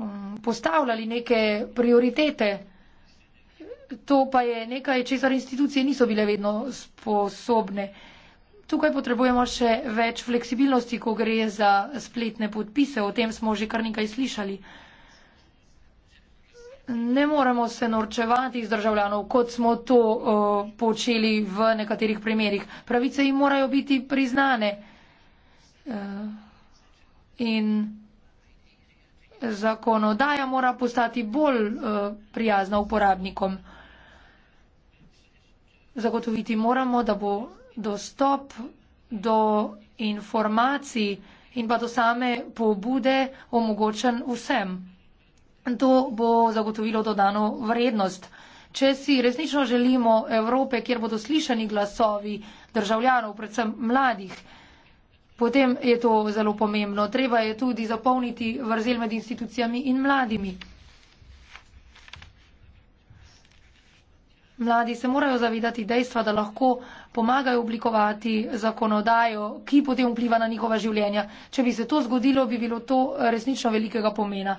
mm, postavljali neke prioritete to pa je nekaj, česar institucije niso bile vedno sposobne. Tukaj potrebujemo še več fleksibilnosti, ko gre za spletne podpise. O tem smo že kar nekaj slišali. Ne moremo se norčevati iz državljanov, kot smo to uh, počeli v nekaterih primerjih. Pravice jim morajo biti priznane. Uh, in zakonodaja mora postati bolj uh, prijazna uporabnikom zagotoviti moramo, da bo dostop do informacij in pa do same pobude omogočen vsem. To bo zagotovilo dodano vrednost. Če si resnično želimo Evrope, kjer bodo slišani glasovi državljanov, predvsem mladih, potem je to zelo pomembno. Treba je tudi zapolniti vrzel med institucijami in mladimi. Mladi se morajo zavedati dejstva, da lahko pomagajo oblikovati zakonodajo, ki potem vpliva na njihova življenja. Če bi se to zgodilo, bi bilo to resnično velikega pomena.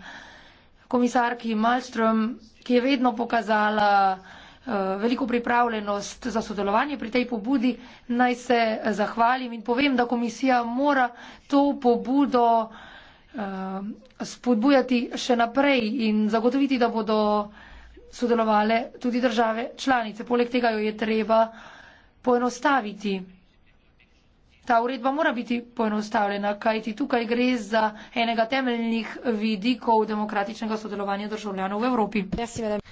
Komisarki Malmström, ki je vedno pokazala eh, veliko pripravljenost za sodelovanje pri tej pobudi, naj se eh, zahvalim in povem, da komisija mora to pobudo eh, spodbujati še naprej in zagotoviti, da bodo sodelovale tudi države članice. Poleg tega jo je treba poenostaviti. Ta uredba mora biti poenostavljena, kajti tukaj gre za enega temeljnih vidikov demokratičnega sodelovanja državljanov v Evropi.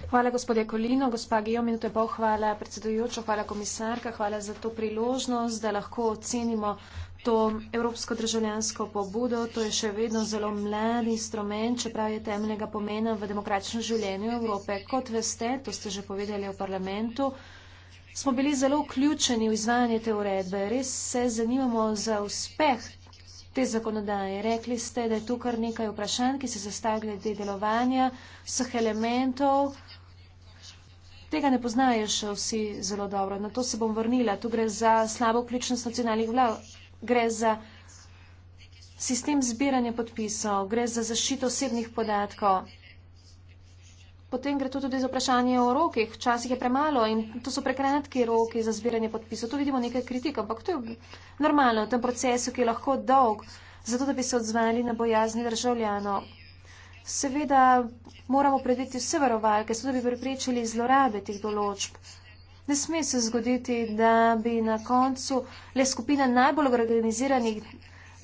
Hvala, gospodje Kolino. Gospa Gijo, minuto je pol. Hvala, predsedujočo. Hvala, komisarka. Hvala za to priložnost, da lahko ocenimo to evropsko državljansko pobudo. To je še vedno zelo mlad instrument, čeprav je temeljnega pomena v demokratičnem življenju Evrope. Kot veste, to ste že povedali v parlamentu, smo bili zelo vključeni v izvajanje te uredbe. Res se zanimamo za uspeh te zakonodaje. Rekli ste, da je tu kar nekaj vprašanj, ki se zastavlja glede delovanja vseh elementov. Tega ne poznajo še vsi zelo dobro. Na to se bom vrnila. Tu gre za slabo vključnost nacionalnih vlad gre za sistem zbiranja podpisov, gre za zaščito osebnih podatkov. Potem gre to tudi za vprašanje o rokih. Včasih je premalo in to so prekratki roki za zbiranje podpisov. Tu vidimo nekaj kritik, ampak to je normalno v tem procesu, ki je lahko dolg, zato da bi se odzvali na bojazni državljano. Seveda moramo predviti vse varovalke, zato da bi pripričali zlorabe teh določb. Ne sme se zgoditi, da bi na koncu le skupina najbolj organiziranih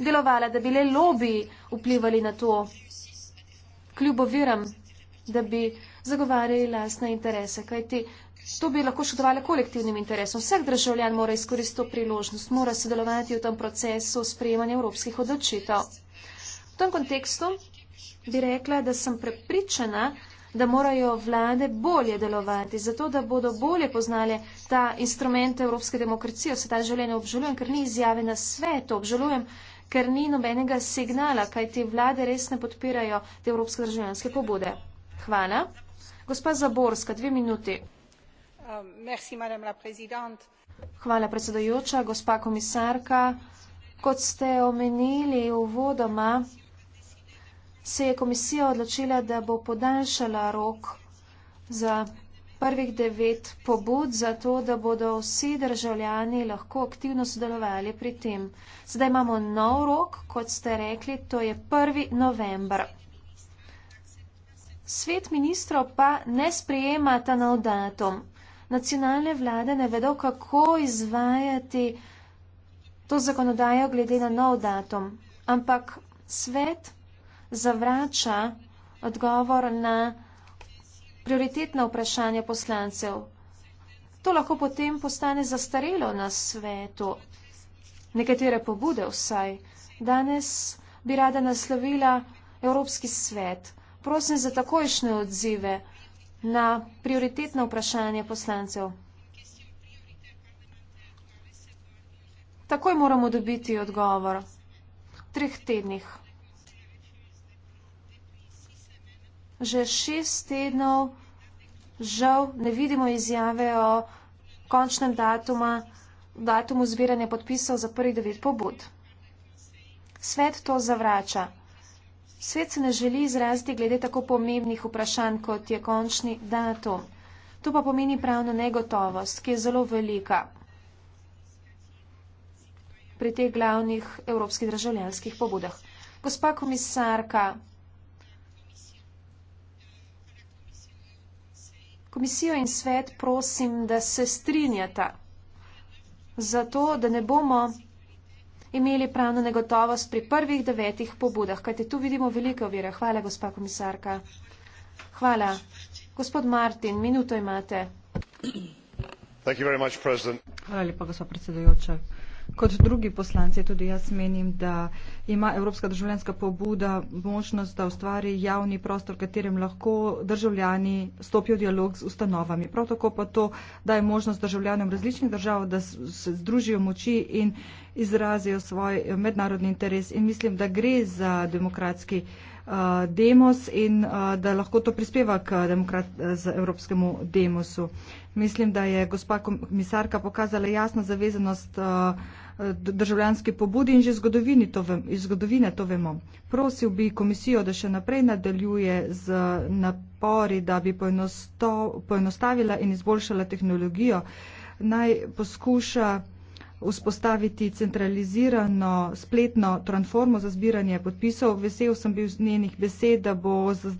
delovala, da bi le lobi vplivali na to, kljub oviram, da bi zagovarjali lasne interese, kajti to bi lahko škodovalo kolektivnim interesom. Vsak državljan mora izkoristiti to priložnost, mora sodelovati v tem procesu sprejemanja evropskih odločitev. V tem kontekstu bi rekla, da sem prepričana, da morajo vlade bolje delovati, zato da bodo bolje poznale ta instrument evropske demokracije. Vse ta življenje obžalujem, ker ni izjave na svetu, obžalujem, ker ni nobenega signala, kaj te vlade res ne podpirajo te evropske državljanske pobude. Hvala. Gospa Zaborska, dve minuti. Um, Hvala, predsedojoča, gospa komisarka. Kot ste omenili v vodoma, se je komisija odločila, da bo podaljšala rok za prvih devet pobud za to, da bodo vsi državljani lahko aktivno sodelovali pri tem. Sedaj imamo nov rok, kot ste rekli, to je 1. november. Svet ministrov pa ne sprejema ta nov datum. Nacionalne vlade ne vedo, kako izvajati to zakonodajo glede na nov datum, ampak svet ministrov zavrača odgovor na prioritetna vprašanja poslancev. To lahko potem postane zastarelo na svetu. Nekatere pobude vsaj. Danes bi rada naslovila Evropski svet. Prosim za takojšnje odzive na prioritetna vprašanja poslancev. Takoj moramo dobiti odgovor. V treh tednih. že šest tednov žal ne vidimo izjave o končnem datuma, datumu zbiranja podpisov za prvi devet pobud. Svet to zavrača. Svet se ne želi izraziti glede tako pomembnih vprašanj, kot je končni datum. To pa pomeni pravno negotovost, ki je zelo velika pri teh glavnih evropskih državljanskih pobudah. Gospa komisarka, Komisijo in svet prosim, da se strinjata zato, da ne bomo imeli pravno negotovost pri prvih devetih pobudah, kajte tu vidimo velike ovire. Hvala, gospa komisarka. Hvala. Gospod Martin, minuto imate. Hvala lepa, gospod predsedujoča. Kot drugi poslanci tudi jaz menim, da ima Evropska državljanska pobuda možnost, da ustvari javni prostor, v katerem lahko državljani stopijo v dialog z ustanovami. Prav tako pa to daje možnost državljanom različnih držav, da se združijo moči in izrazijo svoj eh, mednarodni interes. In mislim, da gre za demokratski uh, demos in uh, da lahko to prispeva k demokrat, z evropskemu demosu. Mislim, da je gospa komisarka pokazala jasno zavezanost uh, državljanski pobudi in že zgodovini to vem, iz zgodovine to vemo. Prosil bi komisijo, da še naprej nadaljuje z napori, da bi poenostavila in izboljšala tehnologijo. Naj poskuša vzpostaviti centralizirano spletno platformo za zbiranje podpisov. Vesel sem bil z njenih besed, da bo z,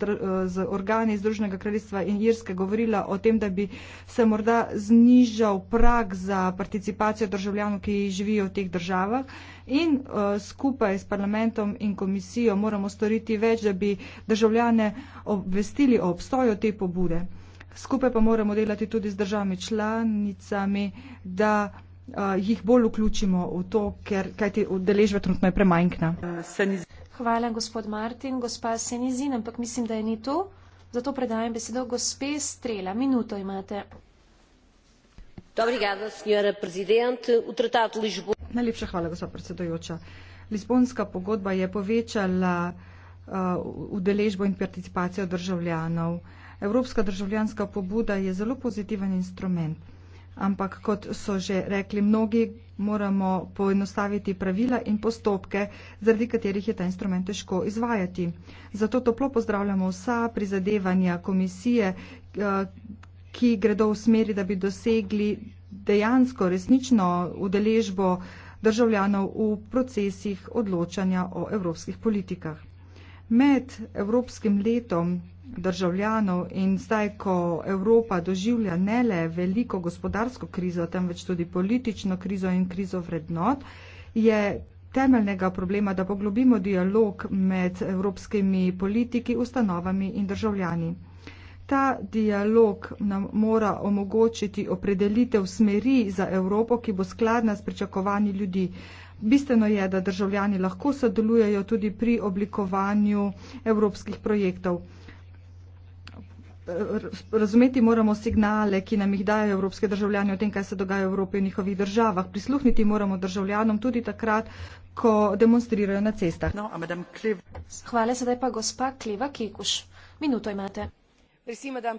z organi Združenega kraljestva in Irske govorila o tem, da bi se morda znižal prag za participacijo državljanov, ki živijo v teh državah. In uh, skupaj s parlamentom in komisijo moramo storiti več, da bi državljane obvestili o obstoju te pobude. Skupaj pa moramo delati tudi z državami članicami, da uh, jih bolj vključimo v to, ker kajti udeležba trenutno je premajhna. Hvala, gospod Martin. Gospa Senizin, ampak mislim, da je ni tu. Zato predajam besedo gospe Strela. Minuto imate. Obrigada, tratatu, bo... Najlepša hvala, gospa predsedojoča. Lisbonska pogodba je povečala uh, udeležbo in participacijo državljanov. Evropska državljanska pobuda je zelo pozitiven instrument ampak kot so že rekli mnogi, moramo poenostaviti pravila in postopke, zaradi katerih je ta instrument težko izvajati. Zato toplo pozdravljamo vsa prizadevanja komisije, eh, ki gredo v smeri, da bi dosegli dejansko resnično udeležbo državljanov v procesih odločanja o evropskih politikah. Med evropskim letom državljanov in zdaj, ko Evropa doživlja ne le veliko gospodarsko krizo, temveč tudi politično krizo in krizo vrednot, je temeljnega problema, da poglobimo dialog med evropskimi politiki, ustanovami in državljani. Ta dialog nam mora omogočiti opredelitev smeri za Evropo, ki bo skladna s pričakovanji ljudi. Bistveno je, da državljani lahko sodelujejo tudi pri oblikovanju evropskih projektov. Razumeti moramo signale, ki nam jih dajo evropske državljani o tem, kaj se dogaja v Evropi in njihovih državah. Prisluhniti moramo državljanom tudi takrat, ko demonstrirajo na cestah. No, Hvala, sedaj pa gospa Kleva Kekuš. Minuto imate. Merci, madame,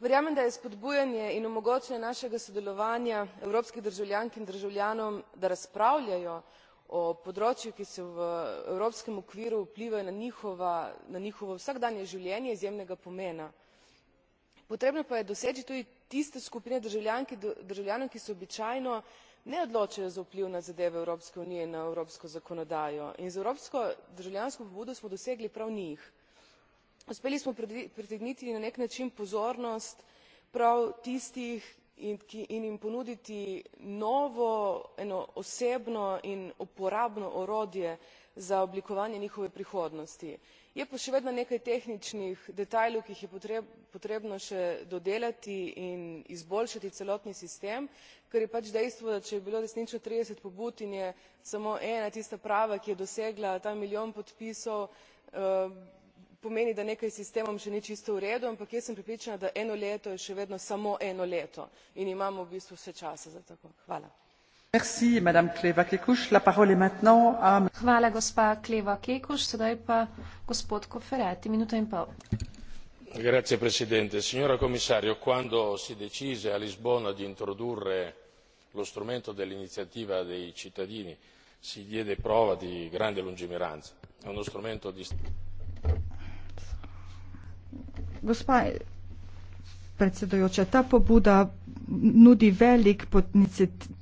verjamem da je spodbujanje in omogočanje našega sodelovanja evropskih državljank in državljanov da razpravljajo o področjih ki so v evropskem okviru vplivajo na njihova na njihovo vsakdanje življenje izjemnega pomena potrebno pa je doseči tudi tiste skupine državljank in državljanov ki se običajno ne odločajo za vpliv na zadeve evropske unije in na evropsko zakonodajo in z evropsko državljansko pobudo smo dosegli prav njih uspeli smo pritegniti na nek način pozornost prav tistih in jim ponuditi novo eno osebno in uporabno orodje za oblikovanje njihove prihodnosti. je pa še vedno nekaj tehničnih detajlov ki jih je potrebno še dodelati in izboljšati celotni sistem ker je pač dejstvo da če je bilo resnično trideset pobud in je samo ena tista prava ki je dosegla ta milijon podpisov eh, pomeni da nekaj s sistemom še ni čisto v redu ampak jaz sem prepričana da eno leto je še vedno samo eno leto in imamo v bistvu še časa za tako. Grazie Presidente. Signora Commissario, quando si decise a Lisbona di introdurre lo strumento dell'iniziativa dei cittadini si diede prova di grande lungimiranza. È uno strumento di Gospa predsedujoča, ta pobuda nudi velik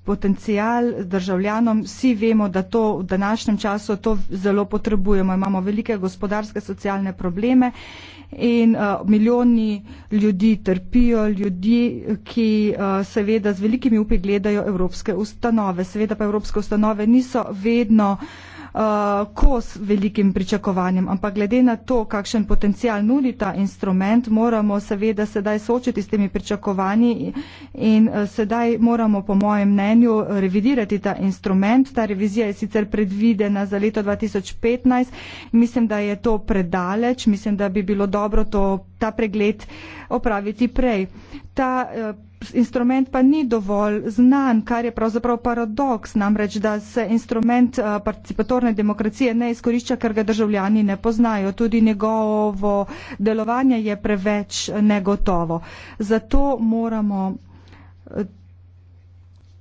potencijal državljanom. Vsi vemo, da to v današnjem času to zelo potrebujemo. Imamo velike gospodarske, socialne probleme in uh, milijoni ljudi trpijo, ljudi, ki uh, seveda z velikimi upi gledajo evropske ustanove. Seveda pa evropske ustanove niso vedno uh, uh, kos velikim pričakovanjem, ampak glede na to, kakšen potencial nudi ta instrument, moramo seveda sedaj soočiti s temi pričakovanji in uh, sedaj moramo, po mojem mnenju, revidirati ta instrument. Ta revizija je sicer predvidena za leto 2015. Mislim, da je to predaleč, mislim, da bi bilo dobro to, ta pregled opraviti prej. Ta, uh, instrument pa ni dovolj znan, kar je pravzaprav paradoks, namreč, da se instrument eh, participatorne demokracije ne izkorišča, ker ga državljani ne poznajo. Tudi njegovo delovanje je preveč negotovo. Zato moramo eh,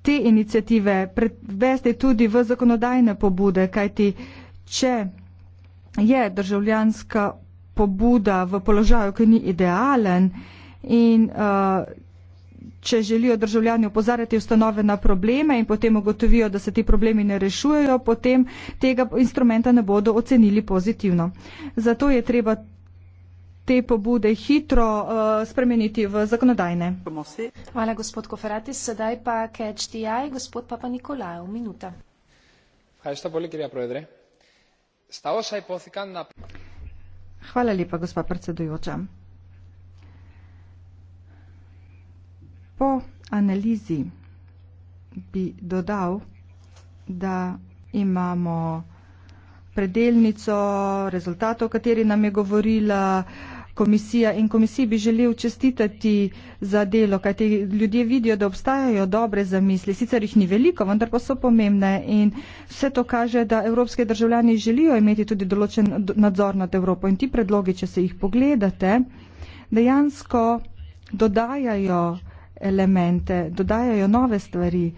te inicijative prevesti tudi v zakonodajne pobude, kajti če je državljanska pobuda v položaju, ki ni idealen in uh, če želijo državljani opozarjati ustanove na probleme in potem ugotovijo, da se ti problemi ne rešujejo, potem tega instrumenta ne bodo ocenili pozitivno. Zato je treba te pobude hitro uh, spremeniti v zakonodajne. Hvala, gospod Koferatis. Sedaj pa KHTI, gospod Papa Nikolaev, minuta. Hvala lepa, gospod predsedujoča. Po analizi bi dodal, da imamo predelnico, rezultat, o kateri nam je govorila komisija in komisiji bi želel čestitati za delo, kajti ljudje vidijo, da obstajajo dobre zamisli, sicer jih ni veliko, vendar pa so pomembne in vse to kaže, da evropske državljani želijo imeti tudi določen nadzor nad Evropo in ti predlogi, če se jih pogledate, dejansko dodajajo elemente, dodajajo nove stvari.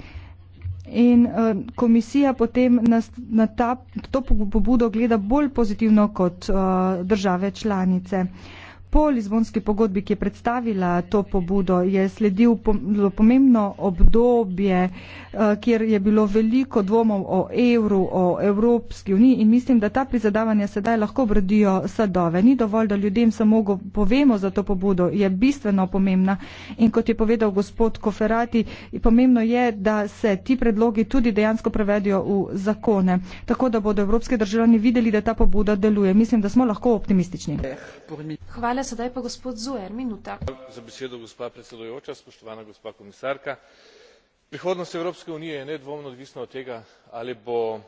In uh, komisija potem na, na ta, to pobudo gleda bolj pozitivno kot uh, države članice. Uh, Po Lizbonski pogodbi, ki je predstavila to pobudo, je sledil zelo pomembno obdobje, eh, kjer je bilo veliko dvomov o evru, o Evropski uniji in mislim, da ta prizadavanja sedaj lahko obrodijo sadove. Ni dovolj, da ljudem samo povemo za to pobudo, je bistveno pomembna. In kot je povedal gospod Koferati, pomembno je, da se ti predlogi tudi dejansko prevedijo v zakone, tako da bodo evropske državljani videli, da ta pobuda deluje. Mislim, da smo lahko optimistični. Hvala finale sedaj pa gospod zuer minuta za besedo gospa predsedujoča spoštovana gospa komisarka prihodnost evropske unije je nedvomno odvisna od tega ali bo eh,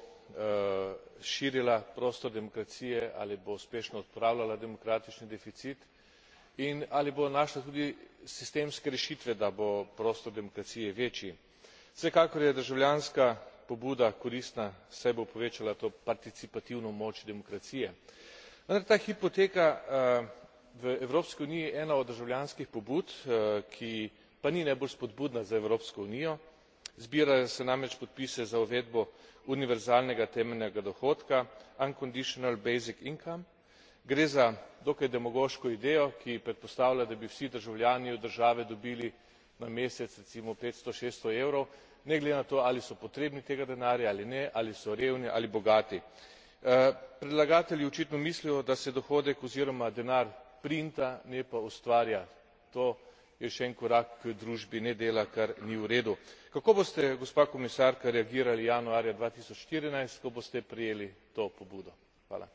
širila prostor demokracije ali bo uspešno odpravljala demokratični deficit in ali bo našla tudi sistemske rešitve da bo prostor demokracije večji vsekakor je državljanska pobuda koristna saj bo povečala to participativno moč demokracije vendar ta hipoteka eh, v evropski uniji ena od državljanskih pobud eh, ki pa ni najbolj spodbudna za evropsko unijo zbirajo se namreč podpisi za uvedbo univerzalnega temeljnega dohodka unconditional basic income gre za dokaj demagoško idejo ki predpostavlja da bi vsi državljani od države dobili na mesec recimo petsto šeststo evrov ne glede na to ali so potrebni tega denarja ali ne ali so revni ali bogati. Eh, predlagatelji očitno mislijo da se dohodek oziroma denar printa ne pa ustvarja. to je še en korak k družbi nedela kar ni v redu. kako boste gospa komisarka reagirali januarja dva tisoč štirinajst ko boste prejeli to pobudo? hvala.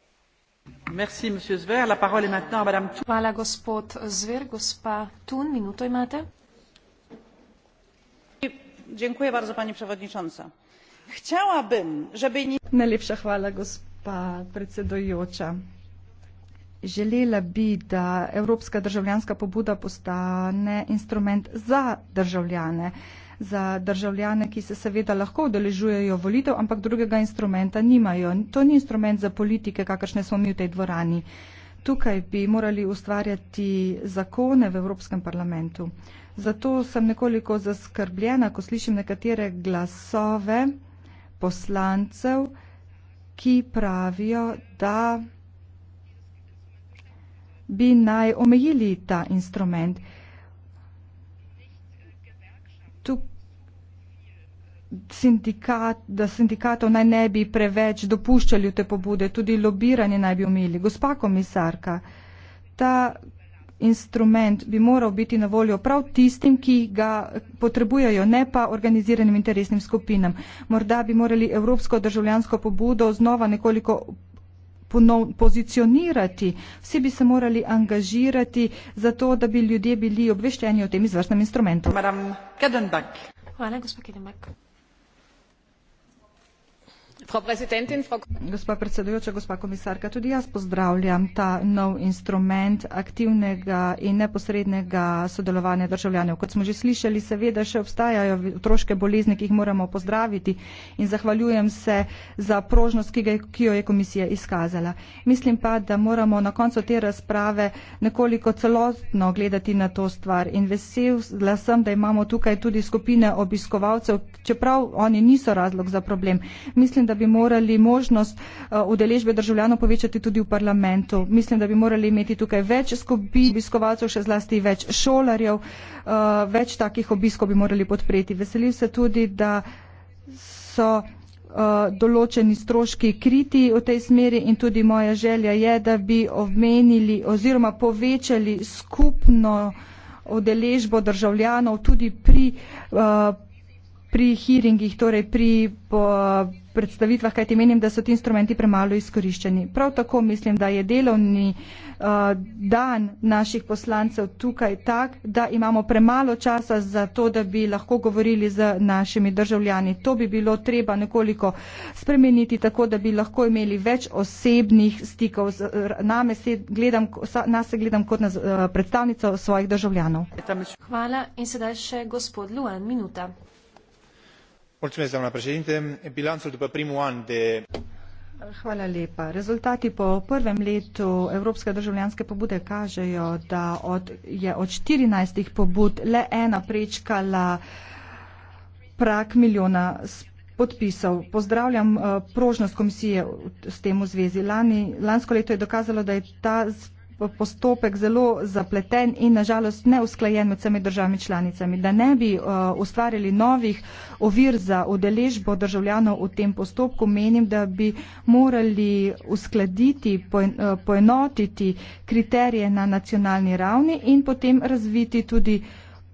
Želela bi, da evropska državljanska pobuda postane instrument za državljane, za državljane, ki se seveda lahko udeležujejo volitev, ampak drugega instrumenta nimajo. To ni instrument za politike, kakršne smo mi v tej dvorani. Tukaj bi morali ustvarjati zakone v Evropskem parlamentu. Zato sem nekoliko zaskrbljena, ko slišim nekatere glasove poslancev, ki pravijo, da bi naj omejili ta instrument. Sindikat, da sindikatov naj ne bi preveč dopuščali v te pobude, tudi lobiranje naj bi omili. Gospa komisarka, ta instrument bi moral biti na voljo prav tistim, ki ga potrebujejo, ne pa organiziranim interesnim skupinam. Morda bi morali evropsko državljansko pobudo znova nekoliko pozicionirati, vsi bi se morali angažirati za to, da bi ljudje bili obveščeni o tem izvrstnem instrumentu. Hvala, gospod Kedenbek. Gospa predsedujoča, gospa komisarka, tudi jaz pozdravljam ta nov instrument aktivnega in neposrednega sodelovanja državljanov. Kot smo že slišali, seveda še obstajajo otroške bolezni, ki jih moramo pozdraviti in zahvaljujem se za prožnost, ki, ga, ki jo je komisija izkazala. Mislim pa, da moramo na koncu te razprave nekoliko celotno gledati na to stvar in vesel sem, da imamo tukaj tudi skupine obiskovalcev, čeprav oni niso razlog za problem. Mislim, da da bi morali možnost eh, udeležbe državljanov povečati tudi v parlamentu. Mislim, da bi morali imeti tukaj več skupi obiskovalcev, še zlasti več šolarjev, eh, več takih obiskov bi morali podpreti. Veselim se tudi, da so eh, določeni stroški kriti v tej smeri in tudi moja želja je, da bi omenili oziroma povečali skupno udeležbo državljanov tudi pri uh, pri hearingih, torej pri po, predstavitvah, kajti menim, da so ti instrumenti premalo izkoriščeni. Prav tako mislim, da je delovni uh, dan naših poslancev tukaj tak, da imamo premalo časa za to, da bi lahko govorili z našimi državljani. To bi bilo treba nekoliko spremeniti tako, da bi lahko imeli več osebnih stikov. Z, name se gledam, nas se gledam kot na uh, predstavnico svojih državljanov. Hvala in sedaj še gospod Luan, minuta rezultati po prvem letu evropske državljanske pobude kažejo da od, je od štirinajstih pobud le ena prečkala prak milijona podpisov. Pozdravljam eh, prožnost komisije s tem v zvezi. Lani, lansko leto je dokazalo, da je ta postopek zelo zapleten in nažalost neusklajen med vsemi državami članicami, da ne bi uh, ustvarili novih ovir za udeležbo državljanov v tem postopku, menim, da bi morali uskladiti, uh, poenotiti kriterije na nacionalni ravni in potem razviti tudi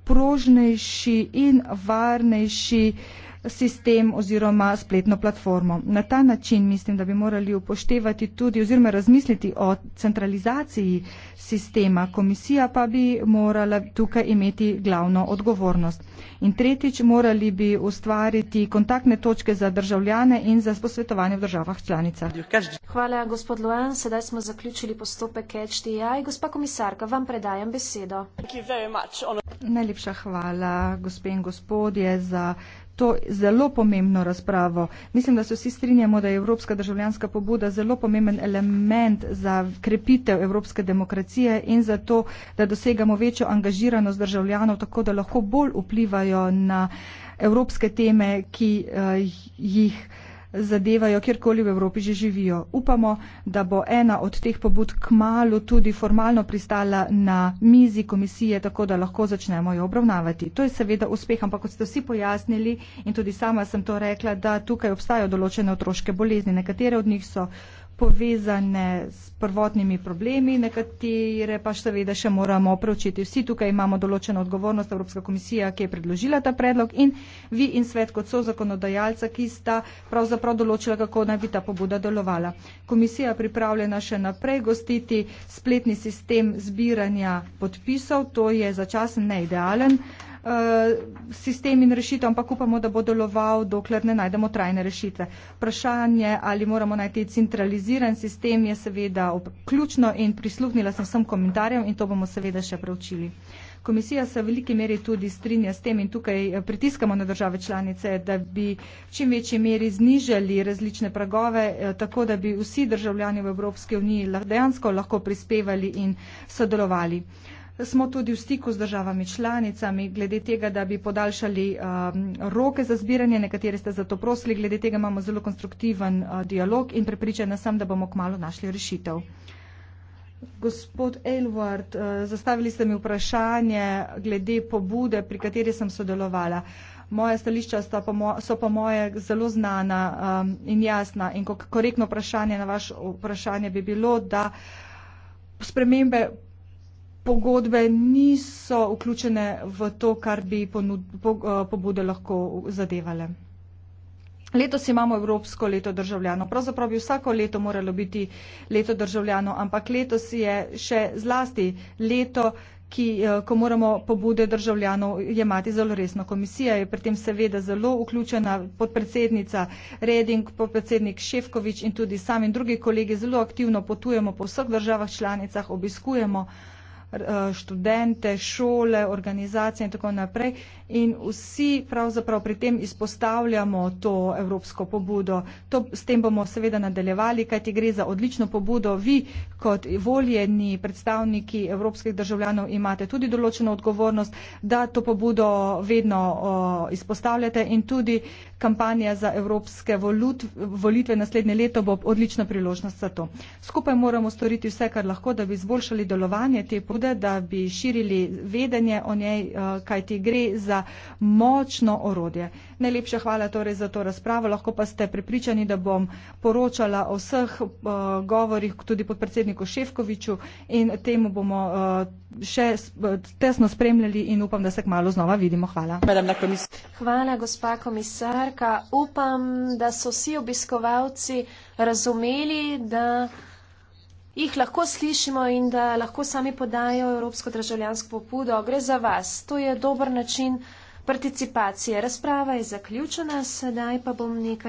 prožnejši in varnejši uh, sistem oziroma spletno platformo. Na ta način mislim, da bi morali upoštevati tudi oziroma razmisliti o centralizaciji sistema. Komisija pa bi morala tukaj imeti glavno odgovornost. In tretjič, morali bi ustvariti kontaktne točke za državljane in za posvetovanje v državah članicah. Hvala, gospod Luan. Sedaj smo zaključili postopek HDI. Gospa komisarka, vam predajam besedo. Najlepša hvala, gospe in gospodje, za to zelo pomembno razpravo. Mislim, da se vsi strinjamo, da je Evropska državljanska pobuda zelo pomemben element za krepitev evropske demokracije in za to, da dosegamo večjo angažiranost državljanov, tako da lahko bolj vplivajo na evropske teme, ki uh, jih zadevajo, kjerkoli v Evropi že živijo. Upamo, da bo ena od teh pobud k malu tudi formalno pristala na mizi komisije, tako da lahko začnemo jo obravnavati. To je seveda uspeh, ampak kot ste vsi pojasnili in tudi sama sem to rekla, da tukaj obstajajo določene otroške bolezni. Nekatere od njih so povezane s prvotnimi problemi, nekatere pa seveda še moramo preučiti. Vsi tukaj imamo določeno odgovornost, Evropska komisija, ki je predložila ta predlog in vi in svet kot so zakonodajalca, ki sta pravzaprav določila, kako naj bi ta pobuda delovala. Komisija pripravljena še naprej gostiti spletni sistem zbiranja podpisov, to je začasno neidealen. Eh, sistem in rešitev, ampak upamo, da bo deloval, dokler ne najdemo trajne rešitve. Vprašanje, ali moramo najti centraliziran sistem, je seveda ključno in prisluhnila sem vsem komentarjem in to bomo seveda še preučili. Komisija se v veliki meri tudi strinja s tem in tukaj eh, pritiskamo na države članice, da bi v čim večji meri znižali različne pragove, eh, tako da bi vsi državljani v Evropske uniji dejansko lahko prispevali in sodelovali smo tudi v stiku z državami članicami glede tega, da bi podaljšali um, roke za zbiranje, nekateri ste za to prosili, glede tega imamo zelo konstruktiven uh, dialog in prepričana sem, da bomo kmalo našli rešitev. Gospod Elward, uh, zastavili ste mi vprašanje glede pobude, pri kateri sem sodelovala. Moja stališča pa moj, so pa moje zelo znana um, in jasna in korektno vprašanje na vaše vprašanje bi bilo, da spremembe pogodbe niso vključene v to, kar bi ponud, po, eh, pobude lahko zadevale. Letos imamo Evropsko leto državljanov. Pravzaprav bi vsako leto moralo biti leto državljanov, ampak letos je še zlasti leto, ki, eh, ko moramo pobude državljanov jemati zelo resno. Komisija je pri tem seveda zelo vključena, podpredsednica Reding, podpredsednik Šefkovič in tudi sami drugi kolegi zelo aktivno potujemo po vseh državah članicah, obiskujemo uh, Eh, študente, šole, organizacije in tako naprej, in vsi pravzaprav pri tem izpostavljamo to evropsko pobudo. To, s tem bomo seveda nadaljevali, kajti gre za odlično pobudo. Vi kot voljeni predstavniki evropskih državljanov imate tudi določeno odgovornost, da to pobudo vedno o, izpostavljate in tudi kampanja za evropske volut, volitve naslednje leto bo odlična priložnost za to. Skupaj moramo storiti vse, kar lahko, da bi izboljšali delovanje te pobude, da bi širili vedenje o njej, kajti gre za močno orodje. Najlepša hvala torej za to razpravo, lahko pa ste prepričani, da bom poročala o vseh uh, govorih tudi pod predsedniku Ševkoviču in temu bomo uh, še eh, tesno spremljali in upam, da se k malu znova vidimo. Hvala. Hvala, gospa komisarka. Upam, da so vsi obiskovalci razumeli, da jih lahko slišimo in da lahko sami podajo evropsko državljansko pobudo. Gre za vas. To je dober način participacije. Razprava je zaključena, sedaj pa bom nekaj.